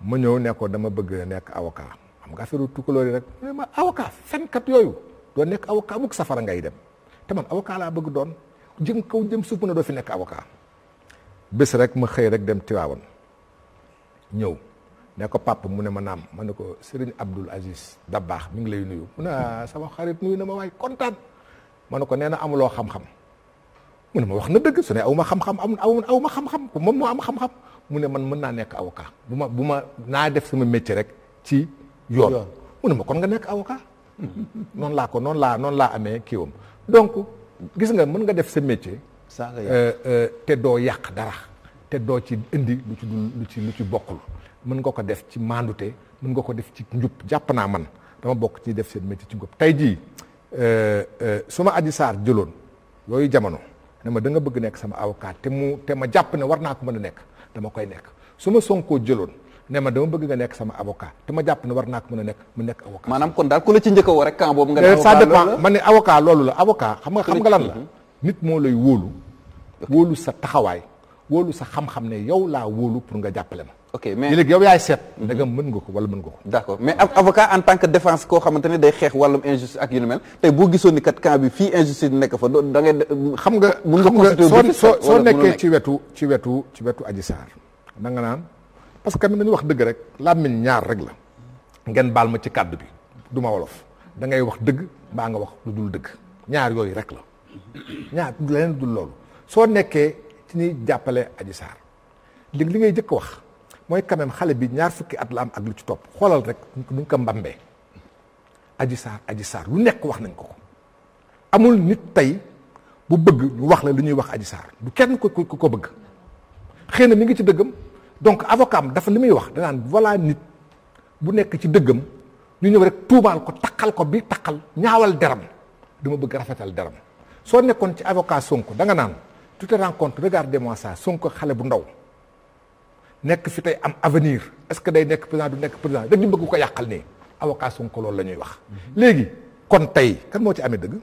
ma ñëw nekkoo dama bëgg nekk avocat xam nga affaire tukulóor yi rek mu ne ma avocat fenkat yooyu doo nekk avocat mukk safara ngay dem te man avocat laa bëgg doon jëm kaw jëm suuf mu ne doo fi nekk avocat bés rek ma xëy rek dem Tiwaawan ñëw ne ko papa mu ne ma naam ma ne ko Serigne Abdoul Aziz baax mi ngi lay nuyu mu a ah, sama xarit nuyu na ma waay kontaan ma ne ko nee na amuloo xam-xam mu ma wax na dëgg su aw ma xam-xam am aw aw ma xam-xam moom moo am xam mu ne man mën naa nekk avocat bu ma bu ma naa def sama métier rek ci yoon mu ne kon nga nekk avocat laa ko noonu laa noonu laa amee kiiwam donc gis nga mën nga def sa métier euh, euh, te doo yàq dara te doo ci indi lu ci bokkul mën nga ko def ci maandute mën nga ko def ci njub jàpp naa man dama bokk ci def seen métier ci njub tey jii euh, su ma Adji Sarr jëloon yooyu jamono ne ma da bëgg nekk sama avocat te mu te ma jàpp ne war naa ko mën a nekk dama koy nekk su ma sonkoo jëloon ne ma dama bëgg nga nekk sama avocat te ma jàpp ne war naa ko mën a nekk mu nekk avocat. maanaam kon daal ku a woo rek camp boobu. nga ne eh, avocat ça ma ne avocat loolu la avocat xam nga xam nga lan la. nit moo lay wóolu. wóolu sa taxawaay wóolu sa xam-xam ne yow laa wóolu pour nga jàppale ma. ok mais léegi yow yaay seet. da mhm. nga mën nga ko wala mën nga ko. d' accord mais avocat en tant que défense koo xamante ne day xeex wàllum injustice ak yu ni mel tey boo gisoon ni kat camp bi fii injustice nekk fa da ngay. xam nga mën nga constitué wetu ci wetu ci wetu na nga naan parce que nañu wax dëgg rek làmmiñ ñaar rek la ngeen baal ma ci kàddu bi du ma wolof da ngay wax dëgg baa nga wax lu dul dëgg ñaar yooyu rek la ñaar leneen dul loolu soo nekkee ci ñuy jàppale Adji Sarr léegi li ngay jëkk wax. mooy quand xale bi ñaar fukki at la am ak lu ci topp xoolal rek nu ngi ko mbambee aji saar aji saar lu nekk wax nañ ko ko amul nit tey bu bëgg ñu wax la lu ñuy wax aji saar du kenn ko ko ko bëgg xëy na mi ngi ci dëggam donc avocat am dafa li muy wax danaan voilà nit bu nekk ci dëggam ñu ñëw rek tuumaal ko takkal ko bi takkal ñaawal deram dama bëgg rafetal deram soo nekkoon ci avocat Sonko da nga naan tu te rends compte regardez xale bu ndaw nekk fi tey am avenir est-ce que day nekk président du nekk président rek ñu bëgg ko yàqal nii avocat Sonko loolu la ñuy wax. léegi kon tey kan moo ci amee dëgg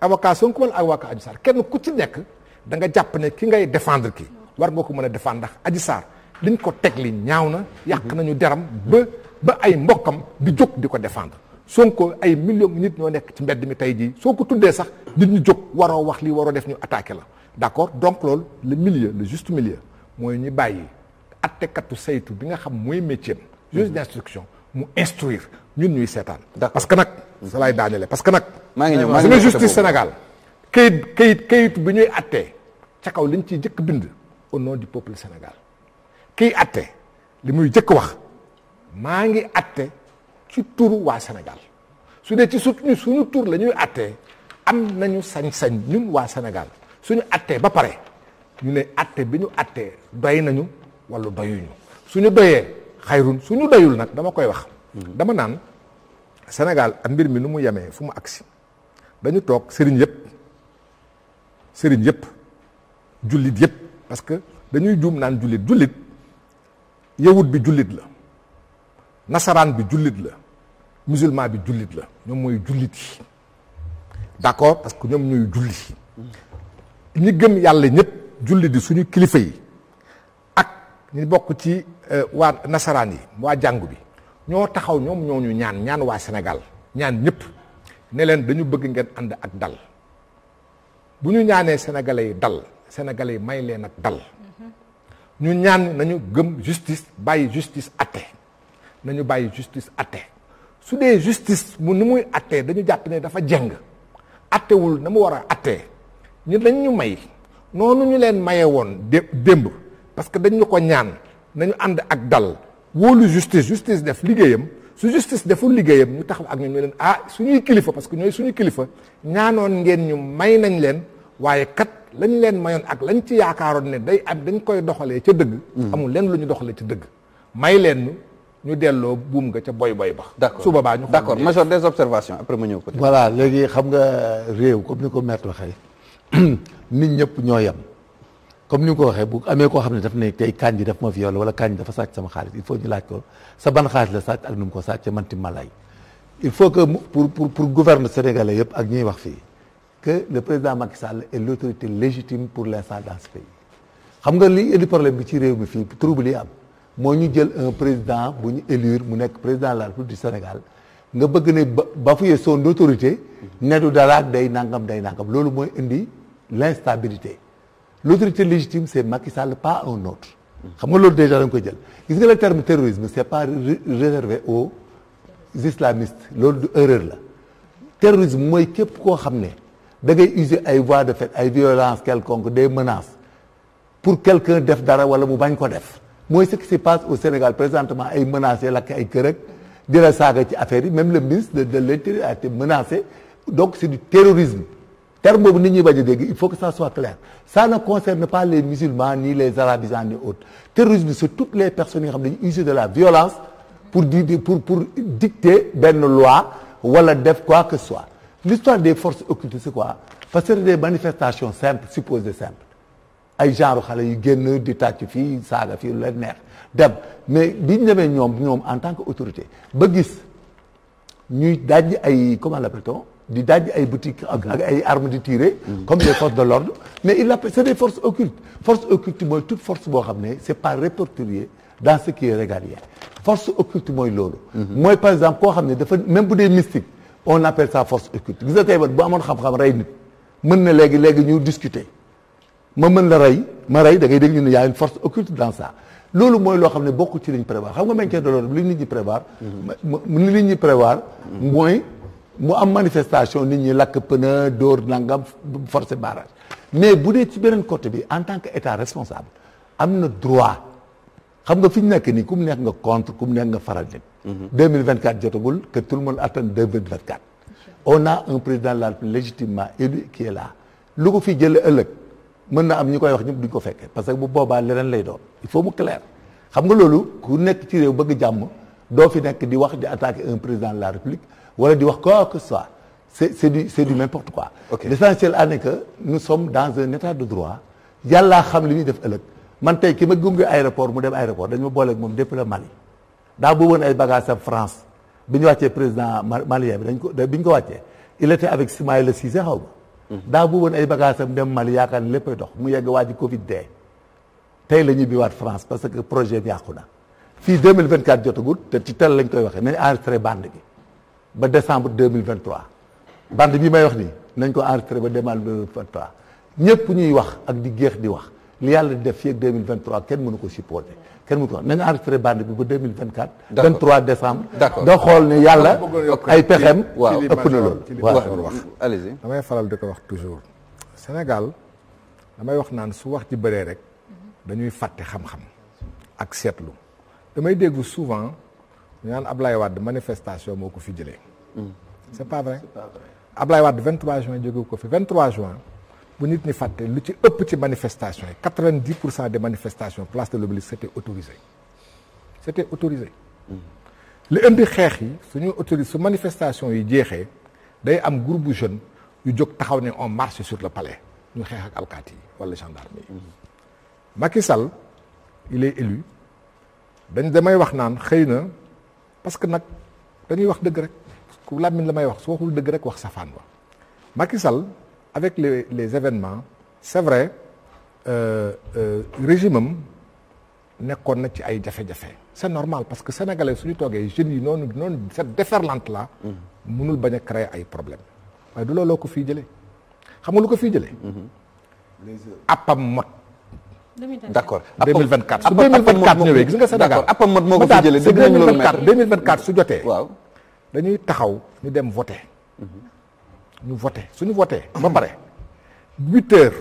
avocat Sonko wala avocat Adji Sarr kenn ku ci nekk danga jàpp ne ki ngay défendre ki war nga ko mën a défendre ndax Adji Sarr liñ ko teg li ñaaw na. yàq mhm. nañu deram ba ba ay mbokkam di jóg di ko défendre. Sonko ay million nit ñoo nekk ci mbedd mi tey jii soo ko tuddee sax nit ñu jóg waroo wax lii waroo def ñu attaqué la d'accord donc loolu le milieu le mooy ñu bàyyi. attekatu saytu bi nga xam mooy métier mhm. juge mu instruire ñun ñuy seetaan parce que nag sa lay daanele parce que nag maa ngi ñëw suñu justice Sénégal kayit kayit kayit bi ñuy attee ca kaw liñ ciy jëkk bind au nom du peuple Sénégal kiy atte li muy jëkk wax maa ngi atte ci turu waa Sénégal su dee ci suñu suñu tur la ñuy attee am nañu sañ-sañ ñun waa Sénégal suñu attee ba pare ñu ne atte bi ñu attee doy nañu wala doyuñu suñu doyee xayrun suñu doyul nag dama koy wax mhm. dama naan Sénégal ak mbir mi nu mu yemee fu mu agsi dañu toog sëriñ yëpp sëriñ yëpp jullit yëpp parce que dañuy juum naan jullit jullit yawut bi jullit la nasaraan bi jullit la musulman bi jullit la ñoom mooy jullit yi d'accord parce que ñoom ñuy julli mhm. ñi gëm yàlla ñëpp jullit yi suñu kilifa yi ñu bokk ci euh, waa nasaraan yi waa jàngu bi ñoo taxaw ñoom ñoo ñu ñaan ñaan waa senegal ñaan ñëpp ne leen dañu bëgg ngeen ànd ak dal bu ñu ñaanee sénégalais yi dal sénégalais yi may leen ak dal ñu ñaan nañu gëm justice bàyyi justice atte nañu bàyyi justice atte su dee justice mu ni muy attee dañu jàpp ne dafa jeng attewul na mu war a atte ñu dañ ñu may noonu ñu leen maye woon dé démb parce que dañ ñu ko ñaan nañu ànd ak dal wóolu justice justice def liggéeyam su justice deful liggéeyam ñu taxaw ak ñun ñu leen ah suñuy kilifa parce que ñooy suñuy kilifa ñaanoon ngeen ñu may nañ leen waaye kat lañ leen mayoon ak lañ ci yaakaaroon ne day am dañ koy doxalee ca dëgg. Hmm. amu leen lu ñu doxalee ca dëgg. may leen ñu ñu delloo buum nga ca boy boy ba. d'accord su boobaa ñu. d'accord major des observations après ma ñëw ko. voilà léegi xam nga réew ko ni ko maître waxee nit ñëpp ñoo ya comme ni nga ko waxee bu amee koo xam ne daf tey kañ bi daf ma violé wala kañ dafa sàcc sama xaalis il faut ñu laaj ko sa ban xaalis la sàcc ak nu mu ko sàcc man ti malay il faut que pour pour pour gouverner sénégalais yëpp ak ñuy wax fii que le président Macky Sall est l' autorité légitime pour l' instant dans ce pays xam nga li indi problème bi ci réew mi fii trouble yi am moo ñu jël président bu ñu élire mu nekk président la République du Sénégal nga bëgg ne ba bafouer son autorité. ne du dara day nangam day nangam loolu mooy indi l' instabilité. l'autorité légitime se Macky Sall pas un autre xam nga loolu déjà da nga koy jël gis nga le terme terrorisme c'est pas réservé aux islamistes loolu du erreur la terrorisme mooy képp koo xam ne da ngay user ay voies de fait ay violences quelconques des menaces pour quelqu'un def dara wala mu bañ ko def mooy ce qui se passe au Sénégal présentement ay menacé lakk ay kër rek di la saaga ci affaire yi même le ministre de l'Intérieur a menacé donc c'est du terrorisme terme boobu nit ñuy bañ a dégg il faut que ça soit clair ça ne concerne pas les musulmans ni les arabisants ni autres terrorisme c'est toutes les personnes yoo xam ne dañuy de la violence pour di pour pour dicter benn loi wala def quoi que ce soit l'histoire des force occultes ko quoi parce que c'est des manifestations simples supposées ay genre xale yu génn di tàcc fii saaga fii lu leen neex dem mais biñ demee ñoom ñoom en tant que autorité ba gis ñuy daj ay comment lappelle t di daaj ay boutiques ak ak ay armes de tirer. comme les forces de l'ordre mais il appelle c'est des forces occultes force occulte mooy toute force boo xam ne c'est pas répertorié dans ce qui est régalien force occulte mooy loolu mooy par exemple koo xam ne dafa même bu dee mystique on appelle ça force occulte gis nga tey man bu amoon xam-xam rey mën na léegi léegi ñu discuter ma mën la rey ma rey da ngay dégg ñu ne y a une force occulte dans ça loolu mooy loo xam ne bokkul ci liñ prévoir xam nga maintien de l'ordre li nit ñi prévoir mm-hmm. li nit ñi prévoir mm-hmm. mooy mu am manifestation nit ñi lakk pneu dóor nangam forcé barrage mais bu dee ci beneen côté bi en tant que état responsable am na droit xam nga fi ñu nekk nii ku mu nekk nga contre ku mu nekk nga faral mhm. nit 2024 jotagul que tout le monde attend 2024 on un président la République légitimement élu qui est là lu ko fi jëlee ëllëg mën na am ñu koy wax ñëpp di ko fekkee parce que bu boobaa leneen lay doon il faut mu clair xam nga loolu ku nekk ci réew bëgg jàmm doo nekk di wax di attaquer un président la République wala di wax ko que ce soit c'est c'est du c'est du n'importe quoi okay. l'essentiel à ne que dans un état de droit yàllaa xam li ñuy def ëllëg man tey ki ma gunge aéroport mu dem aéroport dañ ma booleeg moom depuis le Mali daa booboon ay bagages am France bi ñu wàccee président malien bi dañ ko bi ñu ko wàccee il était avec Ismaïla Cissé xaw ma mhm. daa booboon ay bagages am dem Mali yaakaar ni dox mu yegg waa ji Covid dee tey la ñuy biwaat France parce que projet bi yàqu na fii 2024 jotagul te ci tel lañ koy waxee nañ enregistré bande bi ba décembre deux mille vingt trois bande bi may wax nii nañ ko enregistré ba démal deux mille vingt trois ñëpp ñuy wax ak di géex di wax li yàlla di def fii ak deux mille kenn mënu ko ko nañ enregistré bande bi ba deux mille vingt quatre. vingt trois décembre. da xool ne yàlla ay pexem waaw ëpp na loolu waaw damay faral di ko wax toujours senegal damay wax naan su wax ci bëree rek dañuy fàtte xam-xam ak seetlu damay dégg ñu naan Ablaye Wade manifestation moo ko fi jëlee. Hmm. c'est pas vrai. Ablaye Wade 23 juin jóge ko fi 23 juin bu nit ñi fàtte lu ci ëpp ci manifestation yi 90 pour cent des manifestations place de l'Obélisque c'était autorisé c'était autorisé. Hmm. li indi xeex yi suñu autorisé su manifestation yi jeexee day am groupe bu jeune yu jóg taxaw ne on marche sur le palais ñu xeex ak alkaati yi wala gendarme yi. Hmm. Macky Sall il est élu dañ damay wax naan xëy na. parce que nag dañuy wax dëgg rek ku làmmiñ la may wax su waxul dëgg rek wax safaan wa Macky avec les les événements c'est vrai euh, euh, régime nekkoon na ci ay jafe-jafe c'est normal parce que sénégalais suñu toogee jeunes yi noonu noonu cette déferlante la mënul bañ créer ay problème waaye du looloo ko fii jëlee xam nga lu ko fii jëlee mm-hmm. appam mot d' accord 2024 su 2024 ñëwee gis nga sa Dakar appam mot moo ko fi jëlee su jotee dañuy taxaw ñu dem voté ñu voté suñu voté ba pare huit heures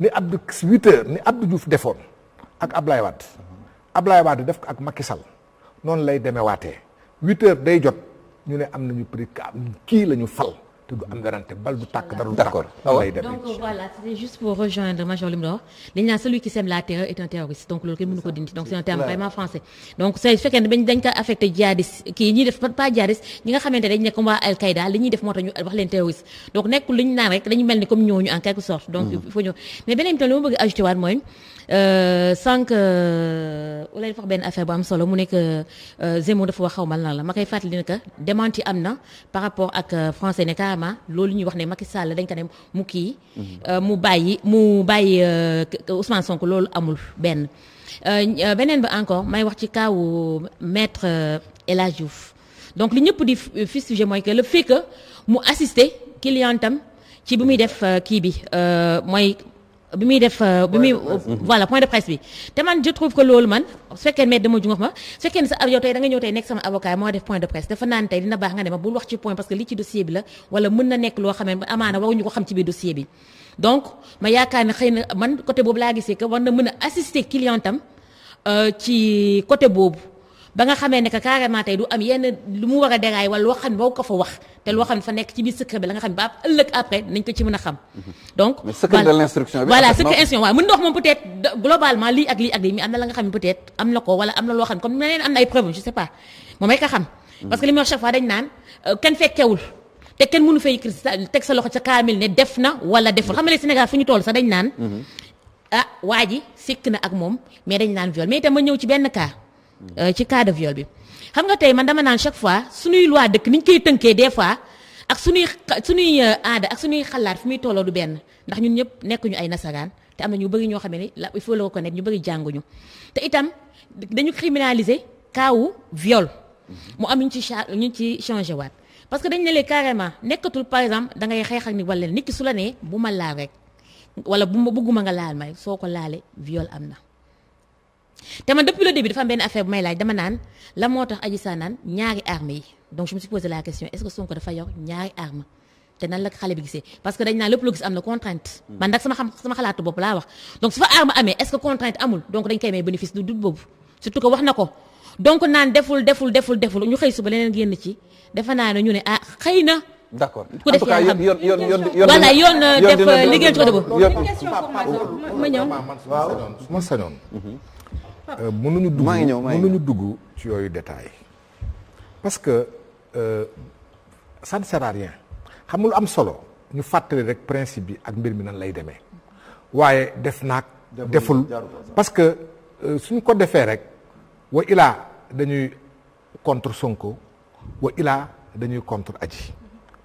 ni Abdou huit heures ni Abdou Diouf defoon ak Ablaye Wade Ablaye Wade def ko ak Macky Sall noonu lay demewaatee huit heures day jot ñu ne am nañu prix kii la ñu fal te du am werante bal du tàkk dara du d'accord ah donc voilà c'était juste pour rejoindre Major li mu doon wax dañ naan celui qui sème la terreur est un terroriste donc loolu kenn mënu ko dindi donc c'est un terme vraiment français donc say fekkee ne dañ dañ ko affecté kii ñuy def pas djihadiste ñi nga xamante dañ nekk comme waa Al-Qaïda li ñuy def moo tax wax leen terroriste donc nekkul li ñu naan rek dañu mel ni comme ñooñu en quelque sorte mm-hmm. Euh, sànq euh, olay dafa wax benn affaire bu am solo mu nekk euh, Zemmour dafa wax xaw ma na la ma koy fàttali ne que démenti am na par rapport ak français ne carrément loolu ñuy wax ne Macky Sall dañ ko ne mu kii. Mhm. mu bàyyi mu bàyyi Ousmane Sonko loolu amul benn. beneen bi encore may wax ci kaawu maître El Hadj Diouf donc li ñëpp di fi sujet mooy que le fait que mu assister clientam ci bi muy def kii bi mooy. bi muy def euh, bi muy euh, voilà point de presse bi te man je trouve que loolu man su fekkee ne dama ju wax ma su fekkee ne sa yow tey da nga ñëw def point de presse dafa naan tey dina baax nga ne ma bul wax ci point parce que li ci dossier bi la wala mën na nekk loo xamee amaana waruñu ko xam ci biir dossier bi donc ma yaakaar ne xëy na man côté boobu laa gisee que war na mën a assister clientam euh, ci côté boobu ba nga xamee ne que carrément tey du am yenn lu mu war a déraay wala loo xam ne ko fa wax te loo xam ne fa nekk ci biir secret bi la nga xam ne ba ëllëg après nañ ko ci mën a xam mhm. donc secret de l'instruction ak ne peut être am na ko am na loo xam ne moom ay mhm. dañ naan euh, kenn fekkewul te kenn mënu fay yëkkati teg sa loxo ca kaamil ne def na wala deful mhm. xam nga Sénégal fu ñu dañ naan ah waa ji sikk na ak moom mais dañ naan viol mais itam ma ñëw ci benn cas Euh, ci cas de bi xam nga tey man dama naan chaque fois suñuy loi dëkk ni ñu koy tënkee des fois ak suñuy suñuy euh, aada ak suñuy xalaat fu muy tolloo du benn ndax ñun ñëpp nekkuñu ay nasaraan te am na ñu bëri ñoo xam ne la il faut ko nekk ñu bëri jànguñu te itam dañu criminaliser kaawu viol mu am ñu ci ñu ci changé waat parce que dañu ne lee carrément nekkatul par exemple da ngay xeex ak ni wala nit ki su la nee bu ma laal rek wala bu ma bëgguma nga laal may soo ko laalee viol am na. te man depuis le début dafa am benn affaire bu may laaj dama naan la moo tax Adji naan ñaari arme yi donc je la question est-ce que Sonko dafa yor ñaari arme te que dañ naan lépp loo gis am na contrainte. man nag sama xam sama xalaatu laa wax donc su fa arme amee est-ce que contrainte amul donc deful deful deful deful ñu xëy suba leneen génn ci defe naa ne ñu ne ah xëy na. d'accord ku def yaa xam yoon yoon yoon yoon voilà yoon def liggéey ma sañoon. Euh, mënuñu dugg maa ngi ñëw ñu dugg ci yooyu détail parce que euh, ça ne am solo ñu fàttali rek principe bi ak mbir mi nan lay demee waaye def naag deful parce que euh, suñ ko defee rek wa ilaa dañuy contre Sonko wa ilaa dañuy contre Adji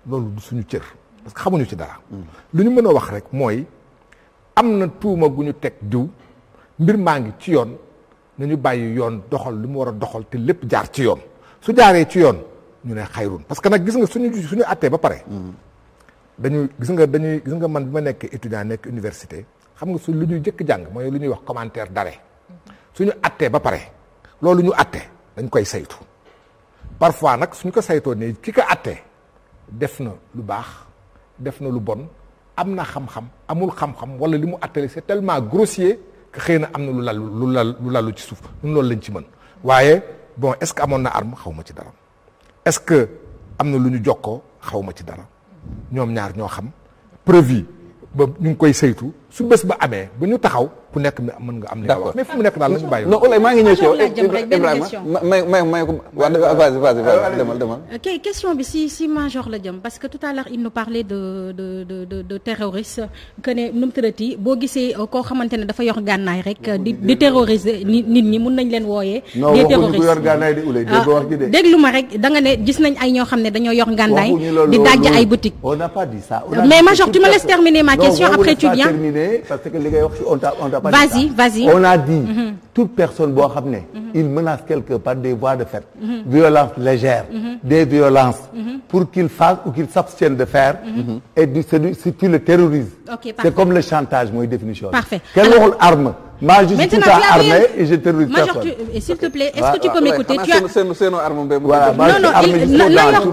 loolu suñu cër parce que xamuñu ci dara hmm. lu ñu mën a wax rek mooy am na tuuma gu ñu teg diw mbir maa ngi ci yoon nañu bàyyi yoon doxal lu mu war a doxal te lépp jaar ci yoon su jaaree ci yoon ñu ne xayrun parce que nag gis nga suñu suñu attee ba pare dañu gis nga dañuy gis nga man bi ma nekk étudiant nekk université xam nga su lu ñuy jëkk jàng mooy lu ñuy wax commentaire d'arrêt suñu attee ba pare loolu ñu atte dañ koy saytu parfois nag suñ ko saytoo ne ki ko atte def na lu baax def na lu bon am na xam-xam amul xam-xam wala li mu attee c'est tellement xëy na am na lu lalu lu lalu lu lalu ci suuf ñun loolu lañ ci mën waaye bon est-ce que amoon na arme xaw ma ci dara est-ce que am na lu ñu jokkoo xaw ma ci dara ñoom ñaar ñoo xam preuve yi ba ñu ngi koy saytu su bés ba amee ba ñu taxaw ku nekk mën nga am li nga wax mais fu mu nekk daal la may may ko vas-y vas-y demal major la jëm parce que tout à l'heure il de de de de de boo gisee euh, koo xamante dafa yor gànnaay rek euh, di di nit ñi mun nañ leen wooyee. des terroristes ah, déglu ma rek da nga ne gis nañ ay ñoo xam ne dañoo yor gànnaay di dajj ay boutique n'a pas dit ça mais major tu me laisses terminer ma question après tu viens parce que li ngay wax on t'a pas vas-y, dit ça. Vas-y. On a dit, mm-hmm. toute personne boo xam ne mm-hmm. il menace quelqu'un par des voies de fait mm-hmm. violence légère des violences pour qu'il fasse ou qu'il s'abstienne de faire et du, c'est du, si tu le terrorises c'est comme le chantage mooy définition parfait kenn waxul arme moi je suis tout à armé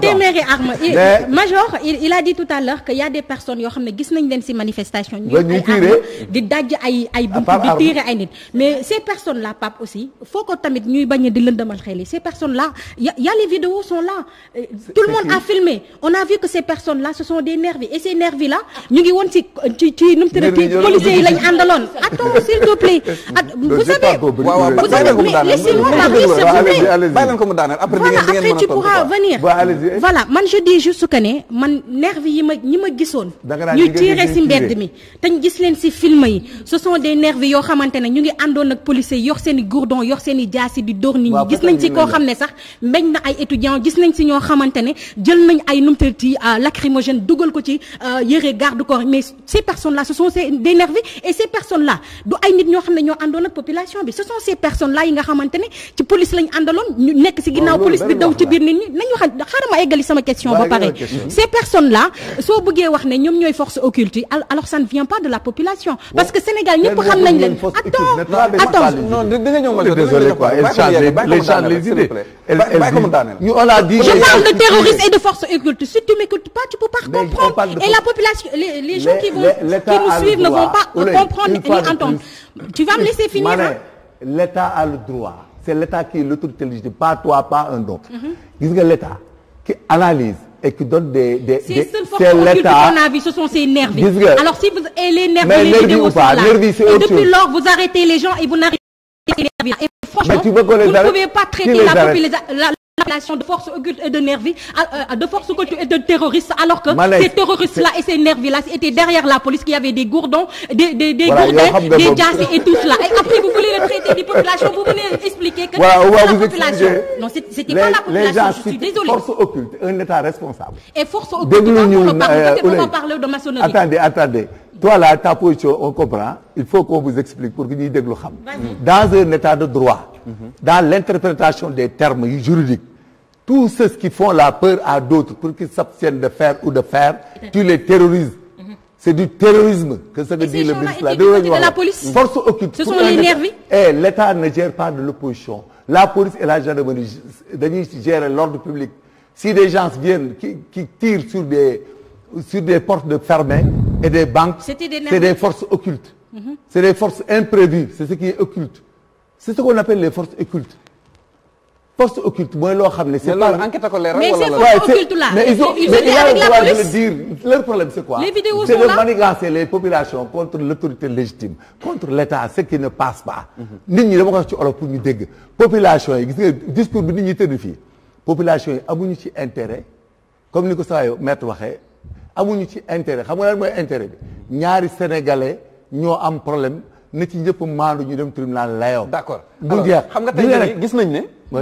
et major il a dit tout à l'heure que y a des personnes yoo xam ne gis nañ leen ci manifestation. ñu ngi di daj ay ay buntu di tiire ay nit. mais ces personnes là Pape aussi faut que tamit ñuy bañ di lëndëmal xel yi ces personnes là y a y les vidéos sont là. Euh, tout le monde a filmé on a vu que ces personnes là ce sont des nervis et ces nervis là ñu ngi woon ci ci ci nu mu tuddati policiers yi lañ àndaloon. attends s'il te plaît oui eh, vous savez vous savez laissez-moi parler s'il vous plaît ko mu daaneel après di ngeen di ngeen mën a tu pourras venir voilà man je dis juste que ne man nervi yi ma ñi ma gisoon ñuy tiire si mbedd mi te ñu gis leen si film yi ce sont des nervi yoo xamante ne ñu ngi àndoon ak policiers yor seen i gourdon yor seen i jaasi di dóor nit ñi gis nañ si koo xam ne sax mbeñ na ay étudiants gis nañ si ñoo xamante ne jël nañ ay numtati euh, lacrymogène dugal ko ci euh, yëre garde corps mais ces personnes là ce sont des nervis et ces personnes là du ay nit ñoo xam ne ñoo àndoon ak population bi ce sont ces personnes là yi nga xamante ne ci police lañ àndaloon nekk si ginnaaw police di daw ci biir nit ñi nañu wax xaaral ma eggali sama question ba pare ces personnes là soo bëggee wax ne ñooy force occulte alors ça ne vient pas de la population parce que Sénégal ñëpp xam a de terroristes et de force occulte si tu pas tu peux pas comprendre et la population les gens qui nous suivent ne vont pas comprendre tu vas me laisser finir ma ne l'État a le droit c'est l'État qui est l'autorité légitime pas toi pas un autre mhm. gis nga l'État qui analyse et qui donne des des des c'est l'État a ce sont ces nervis alors si vous et nervis mais nervis pas nervis c'est autre chose depuis lors vous arrêtez les gens et vous n'arrêtez pas franchement vous ne pouvez pas traiter la population de forces occultes et de nervis euh, de forces occultes et de terroristes alors que Malaise. ces terroristes là et ces nervis là étaient derrière la police qui avait des gourdons des des des voilà, et tout cela et après vous voulez le traiter des populations vous venez expliquer que voilà, la parler de maçonnerie attendez attendez toi là ta position on comprend il faut qu'on vous explique pour que ñuy déglu xam dans un état de droit dans l'interprétation des termes juridiques tous ceux qui font la peur à d'autres pour qu'ils s'abstiennent de faire ou de faire tu les terrorises mhm. c'est du terrorisme que ce que dit le ministre de la police force occulte et eh, l'État ne gère pas de l'opposition la police et la gendarmerie dañuy gérer l'ordre public si des gens viennent qui, tirent sur des portes de fermées et des banques c'est des forces occultes mhm. c'est des forces imprévues c'est ce qu'on appelle les forces occultes force occulte mooy loo xam ne. c'est pas mais enquête ko leeral la mais c'est là mais ils ont mais ils ont le droit de le dire leur problème les vidéos sont là c'est de manigancer les populations contre l'autorité légitime contre l'État ce qui nit ñi dama ko wax ci olof pour ñu dégg population yi gis nga discours bi nit ñi tëdd fii population yi amuñu ci intérêt comme ni ko saa yu maître waxee amuñu ci intérêt xam nga lan mooy intérêt bi ñaari sénégalais ñoo am problème. nit ci ñëpp maandu ñu dem tribunal layoo. d'accord bu jeex xam nga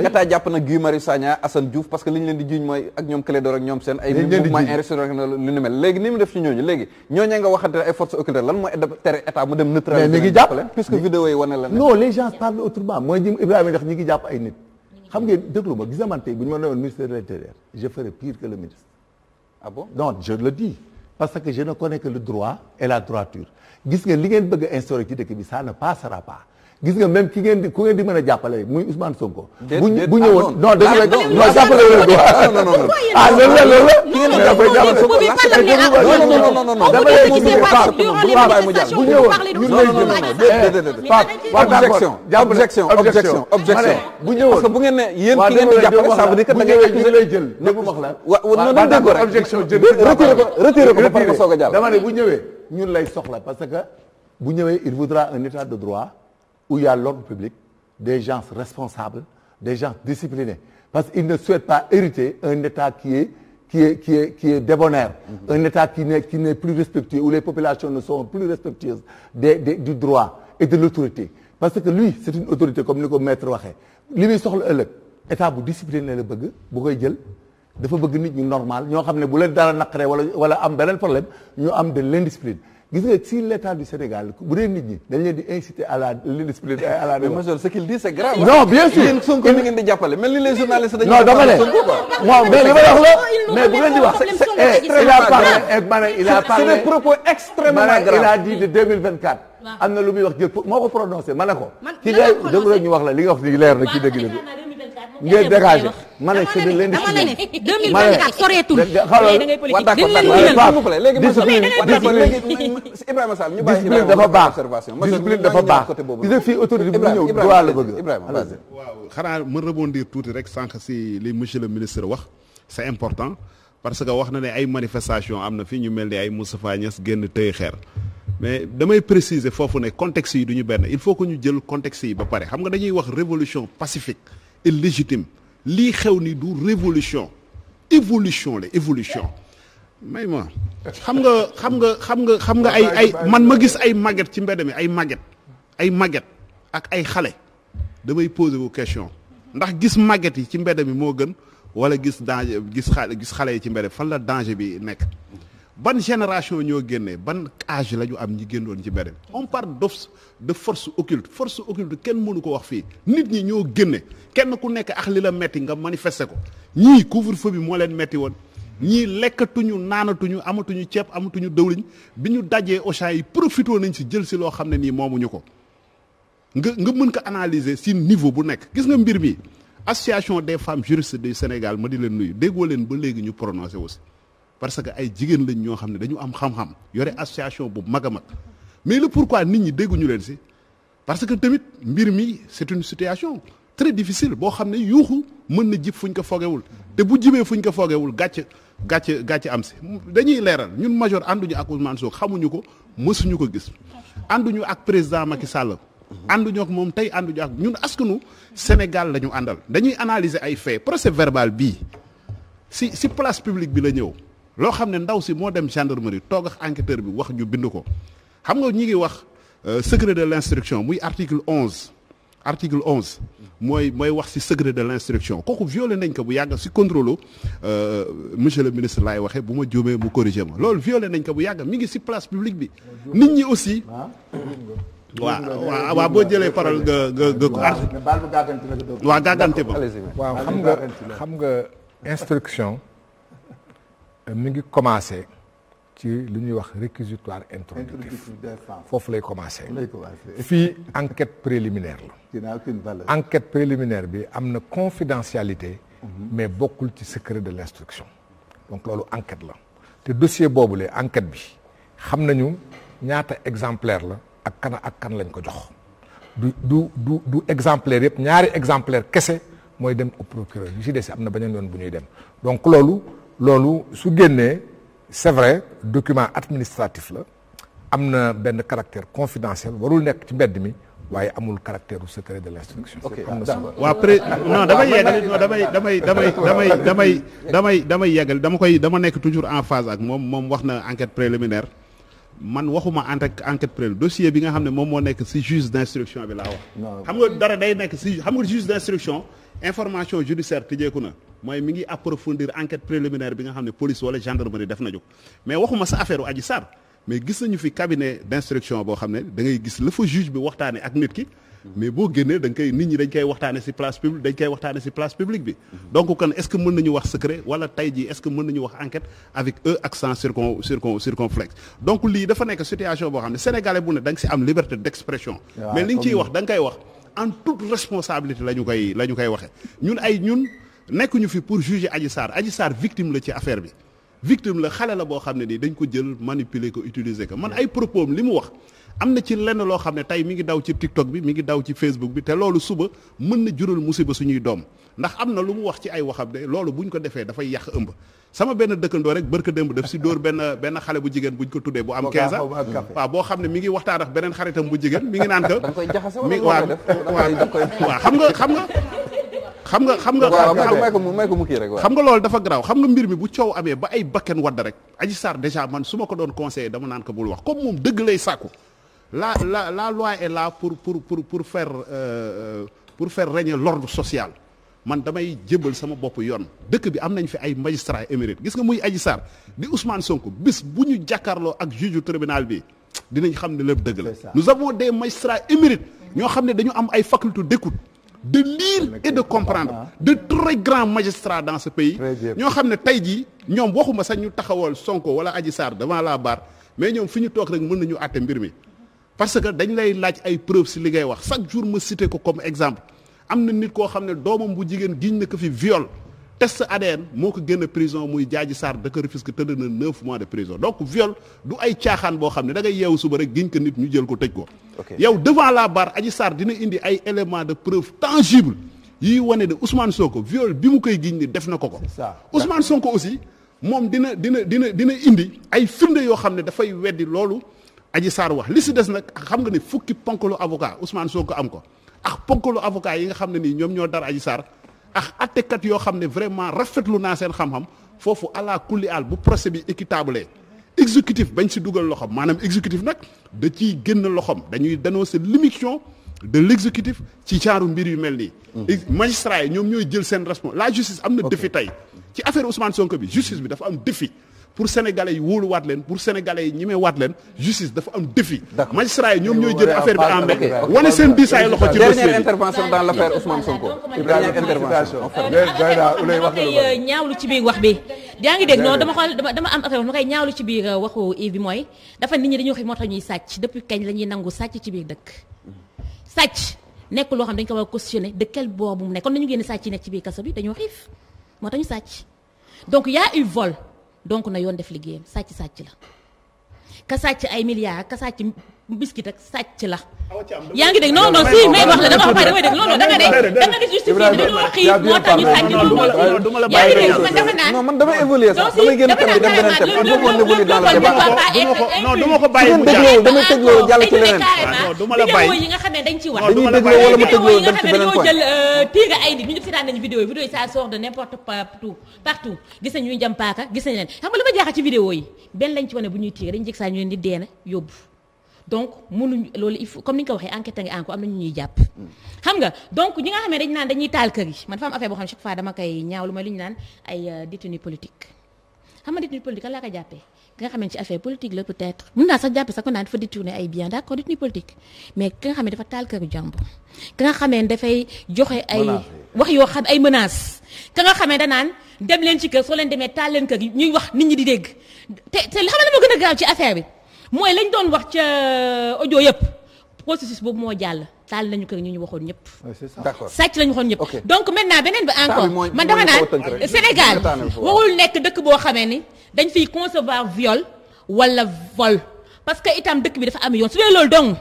tey jàpp na Guy Marius Sagna Assane Diouf parce que li leen di jiiñ mooy ak ñoom Clédor ak ñoom seen ay ni mu def ñooñu léegi ñooñee nga waxante ay forces occultes lan mooy tere état mu dem neutraliser mais mi jàpp puisque vidéo yi wane la non les gens parlent autrement mooy ñi tey bu ñu ma newoon ministère de je ferai pire que ministre ah je le parce que je ne connais le droit gis nga li ngeen bëgg a instauré ci dëkk bi ça ne passera pas gis nga même ki ngeen di ku ngeen di mën a jàppale muy Ousmane Sonko. bu bu ñëwoon non dëgg la non jàppale leen ko non non non. ah loolu la loolu la. ki ngeen di jàppale jàppale Sonko non non non non dama lay mu ñëw Pape Pape bu ñëwoon ñun lay jëm Pape objection objection objection objection bu ñëwoon parce que bu ngeen ne yéen ki ngeen di jàppale ça veut dire que da ngay accuser lay jël lépp wax la wa non non dégg ko rek objection jël retiré ko retiré ko ba pare soog a jàll dama ne bu ñëwee ñun lay soxla parce que bu ñëwee il voudra un état de droit où il y a l'ordre public des gens responsables des gens disciplinés parce qu'il ne souhaite pas hériter un état qui est qui est qui est qui est débonnaire mm -hmm. un état qui n'est qui n'est plus respectueux où les populations ne sont plus respectueuses des, des droit et de l'autorité parce que lui c'est une autorité comme ni ko maître waxee li muy soxla ëllëg état bu discipliné la bëgg bu koy jël dafa bëgg nit ñu normal ñoo xam ne bu leen dara naqaree wala wala am beneen problème ñu am de l'indiscipline gis nga si l'état du Sénégal bu dee nit ñi dañ leen di inciter à la l'indiscipline et à la mais monsieur ce qu'il dit c'est grave. non bien sûr yéen ni ngeen di jàppale mel ni les journalistes dañu. non dama ne non mais li ma wax la mais bu ngeen di wax. il a parlé eh, ma ne na lu muy wax jël moo ko prononcé ma ne ko. man ci léegi dëgg la ñu wax la li nga ni leer na ci dëgg ngeen dégagé ma ne c'est de l'indiscipline. 2024 soreetul. Ibrahima Sall ñu bàyyi Ibrahima dafa baax discipline dafa baax gis nga fii autorité bu ñëw droit la bëgg Ibrahima waaw xanaa ma rebondir tuuti rek sànq si li monsieur le ministre wax c'est important parce que wax na ne ay manifestation am na fii ñu mel ni ay Moustapha Niass génn tëye xeer mais damay préciser foofu ne contexte yi duñu benn il faut que ñu jël contexte yi ba pare xam nga dañuy wax révolution pacifique est lii xew ni du révolution évolution la évolution may ma xam nga xam nga xam nga xam nga ay ay man ma gis ay màgget ci mbedd mi ay màgget ay màgget ak ay xale damay poser wu question ndax gis màgget yi ci mbedd mi moo gën wala gis danger gis xale gis xale yi ci mbedd fan la danger bi nekk ban génération ñoo génnee ban âge la ñu am ñi génnoon ci beneen on parle de de force occulte force occulte kenn mënu ko wax fii nit ñi ñoo génne kenn ku nekk ak li la metti nga manifester ko ñii couvre-feu bi moo leen metti woon ñii lekkatuñu naanatuñu amatuñu ceeb amatuñu dëwliñ bi ñu dajee Auchan yi profitoo nañ si jël si loo xam ne nii moomuñu ko nga nga mën ko analyser si niveau bu nekk gis nga mbir mi association des femmes juristes du Sénégal ma di leen nuyu déggoo leen ba léegi ñu prononcé aussi parce que ay jigéen lañ ñoo xam ne dañu am xam-xam yore association bu mag a mag mais le pourquoi nit ñi dégguñu leen si parce que tamit mbir mi c'est une situation très difficile boo xam ne yuuxu mën na jib fuñ ko foogewul te bu jibee fuñ ko foogewul gàcc gàcc gàcc am si dañuy leeral ñun major ànduñu ak Ousmane xamuñu ko mësuñu ko gis ànduñu ak président Macky Sall ànduñu ak moom tey ànduñu ak ñun askanu Sénégal la ñu àndal dañuy analyser ay faits procès bii si si place bi la ñëw loo xam ne ndaw si moo dem gendarmerie toog ak enquêteur bi wax ñu bind ko xam nga ñi ngi wax euh, secret de l'instruction muy article onze article onze mooy mooy wax ci secret de l'instruction kooku violé nañ ko bu yàgg ci contrôle euh, monsieur le ministre laay waxee bu ma juumee mu corrigé ma loolu violé nañ ko bu yàgg mi ngi si place publique bi nit ñi aussi waaw ah. waaw boo jëlee parole nga nga nga waaw gàggante ba waaw xam nga xam nga instruction mi ngi commencé ci lu ñuy wax réquisitoire introductif foofu lay commencé fii enquête préliminaire la enquête préliminaire bi am na confidentialité mhm. mais bokkul ci secret de l'instruction donc loolu enquête la te dossier boobule enquête bi xam nañu ñaata exemplaire la ak kan kan lañ ko jox du du du du exemplaire yëpp ñaari exemplaire kese mooy dem au procureur yu ci des am na beneen yoon bu ñuy dem donc loolu loolu su génnee c'est vrai document administratif la am na benn caractère confidentiel warul nekk ci mbedd mi waaye amul caractère u secret de l'instruction. ok ah, waaw pré non ah, damay yeggali non damay damay damay damay damay damay damay yeggali dama koy dama nekk toujours en phase ak moom moom wax na enquête préliminaire man waxuma en tant enquête préliminaire dossier bi nga xam ne moom moo nekk ci juge d'instruction bi laa wax. xam nga dara day nekk ci xam nga juge d'instruction information judiciaire tijjeeku na. mooy mi ngi approfondir enquête préliminaire bi nga xam ne police wala gendarmerie def nañu mais waxuma sa affaire Adji Sarr mais gis nañu fi cabinet d'instruction boo xam ne da ngay gis la a juge bi waxtaanee ak nit ki. mais boo génnee da koy nit ñi dañ koy waxtaanee si place publique dañ koy waxtaanee ci place publique bi. donc kon est-ce que mën nañu wax secret walla tey jii est-ce que mën nañu wax enquête avec e accent circon circon lii dafa nekk situation boo xam ne sénégalais nga ci am liberté d'expression. mais li ñu ciy wax da nga koy wax la ñu koy la ñu koy waxee ñun ay nekkuñu fi pour juger Adji Sarr Adji Sarr victime la ci affaire bi victime la xale la boo xam ne nii dañ ko jël manipuler ko utiliser ko man ay propos li mu wax am na ci lenn loo xam ne tey mi ngi daw ci TikTok bi mi ngi daw ci Facebook bi te loolu suba mën na jural musiba suñuy doom ndax am na lu mu wax ci ay waxam ne loolu buñ ko defee dafay yàq ëmb sama benn dëkkandoo rek bërka démb def si dóor benn benn xale bu jigéen buñ ko tuddee bu am 15 ans waaw boo xam ne mi ngi waxtaan ak beneen xaritam bu jigéen mi ngi naan que mi waaw waaw waaw xam nga xam nga xam nga xam nga may ko may ko mu nga loolu dafa graaw xam nga mbir mi bu coow amee ba ay bakken wadd rek Adji Sarr man su ma ko doon conseillé dama naan ko bul wax comme moom dëgg lay sàkku la la la loi est là pour pour pour pour faire euh, euh pour faire régner l'ordre social man damay jébal sama bopp yoon dëkk bi am nañ fi ay magistrats émérite gis nga muy Adji Sarr di Ousmane Sonko bis bu ñu jàkkaarloo ak juge tribunal bi dinañ xam ne lépp dëgg la nous avons des magistrats émérites ñoo xam ne dañu am ay faculté d'écoute de lire et de comprendre ah. de très grands magistrats dans ce pays ñoo xam ne tey jii ñoom waxuma sax ñu taxawal Sonko wala Adji Sarr devant la barre mais ñoom fi ñu toog rek mën nañu àtte mbir mi parce que dañ lay laaj ay preuves si li ngay wax chaque jour ma cité ko comme exemple am na nit koo xam ne doomam bu jigéen giñ na ko fi viol test ADN moo ko génn prison muy Jaaji Sarr da ko Rufisque tëdd na neuf mois de prison donc viol du ay caaxaan boo xam ne da ngay yeewu suba rek giñ ko nit ñu jël ko tëj ko yow devant la barre Adji Sarr dina indi ay éléments de preuve tangible yiy wane ne Ousmane ko viol bi mu koy giñ ni def na ko ko soo ko aussi moom dina dina dina dina indi ay firnde yoo xam ne dafay weddi loolu Adji Sarr wax li si des nag xam nga ne fukki ponkalu avocat Ousmane Sonko am ko ak ponkalu avocat yi nga xam ne nii ñoom ñoo dar Adji Sarr ak attekat yoo xam ne vraiment rafetlu naa seen xam-xam foofu ala kulli al bu procès bi équitable exécutif bañ si dugal loxoom maanaam exécutif nag da ciy génn loxom dañuy dénoncer l'émission de l'exécutif ci caaru mbir yu mel nii. Hmm. magistrats yi ñoom ñooy jël seen responsabilité la justice am na défi tey ci affaire Ousmane Sonko bi justice bi dafa am défi. pour sénégalais yi wóoluwaat leen pour sénégalais yi ñemewaat leen justice dafa am défi. magistrat yi ñoom ñooy jël affaire bi en wane seen diisaay loxo euh, ci biir wax bi. yaa ngi dégg noonu dama xool dama am affaire ma koy ñaawlu ci biir euh, waxu Yves bi mooy dafa nit ñi dañuy wax moo tax ñuy sàcc depuis kañ la ñuy nangu sàcc ci biir dëkk sàcc nekk loo xam dañ ko war a cautionné de quel bord bu mu nekk kon nañu génn sàcc yi nekk ci biir kaso bi dañoo xiif moo tax ñu sàcc donc y donc na yoon def liggéeyam sàcc sàcc la ka sàcc ay milliards ka sàcc biscuit ak sàcc la. yaa ngi dégg non non si may wax la dama wax danga de danga di justifié dañoo ne dañ ci wax seetaan nañu vidéo yi vidéo yi ça sort de n'importe partout gis nañ jam paaka gis nañ leen xam nga yi benn lañ ci wane bu ñuy tiiga dañ jëg saa ñu yóbbu donc mënuñ loolu il faut comme ni nga waxee enquête nga encore am na ñu ñuy jàpp. xam nga donc ñi nga xam naan dañuy taal kër yi man fa am affaire boo xam chaque fois ma li ñu naan ay euh, détenu politique. xam jàppee nga xam ne ci affaire politique la peut-être mën naa sax jàppee sax ko naan dafa détourné ay biens d'accord détenu politique mais ki nga xam dafa taal kër jàmbur ki nga xam ne dafay joxe ay wax yoo xam ay menaces ka nga xamee danaan dem leen ci kër soo leen demee taal leen kër ñuy wax nit ñi di dégg te ci affaire bi mooy lañ doon wax ca euh, audio yëpp processus boobu moo jàll taal nañu kër ñu ñu waxoon ñëpp. d'accord sàcc lañu waxoon ñëpp. donc maintenant beneen bi encore man dama naan Sénégal warul nekk dëkk boo xamee ni dañ fiy concevoir viol walla vol parce que itam dëkk bi dafa am yoon su dee loolu dong.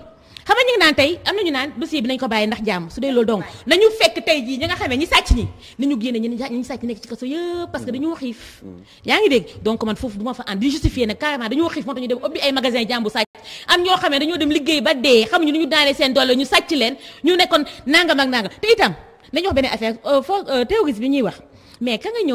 xam nga ñu ngi naan tey am nañu naan dossier bi nañ ko bàyyi ndax jàmm su dee loolu donc nañu fekk tey jii ñi nga xamee ñi sàcc ñi ni ñu génne ñi ñu sàcc nekk ci kaso yëpp parce que mm. dañu xiif mm. yaa ngi dégg donc man foofu du ma fa am ñoo xamee dañoo dem liggéey ba dee xamuñu ñu daanee seen doole ñu sàcc leen ñu nekkoon nangam ak nangam te itam dañu wax benn affaire euh, foo euh, théorie bi ñuy wax mais ka nga ñëw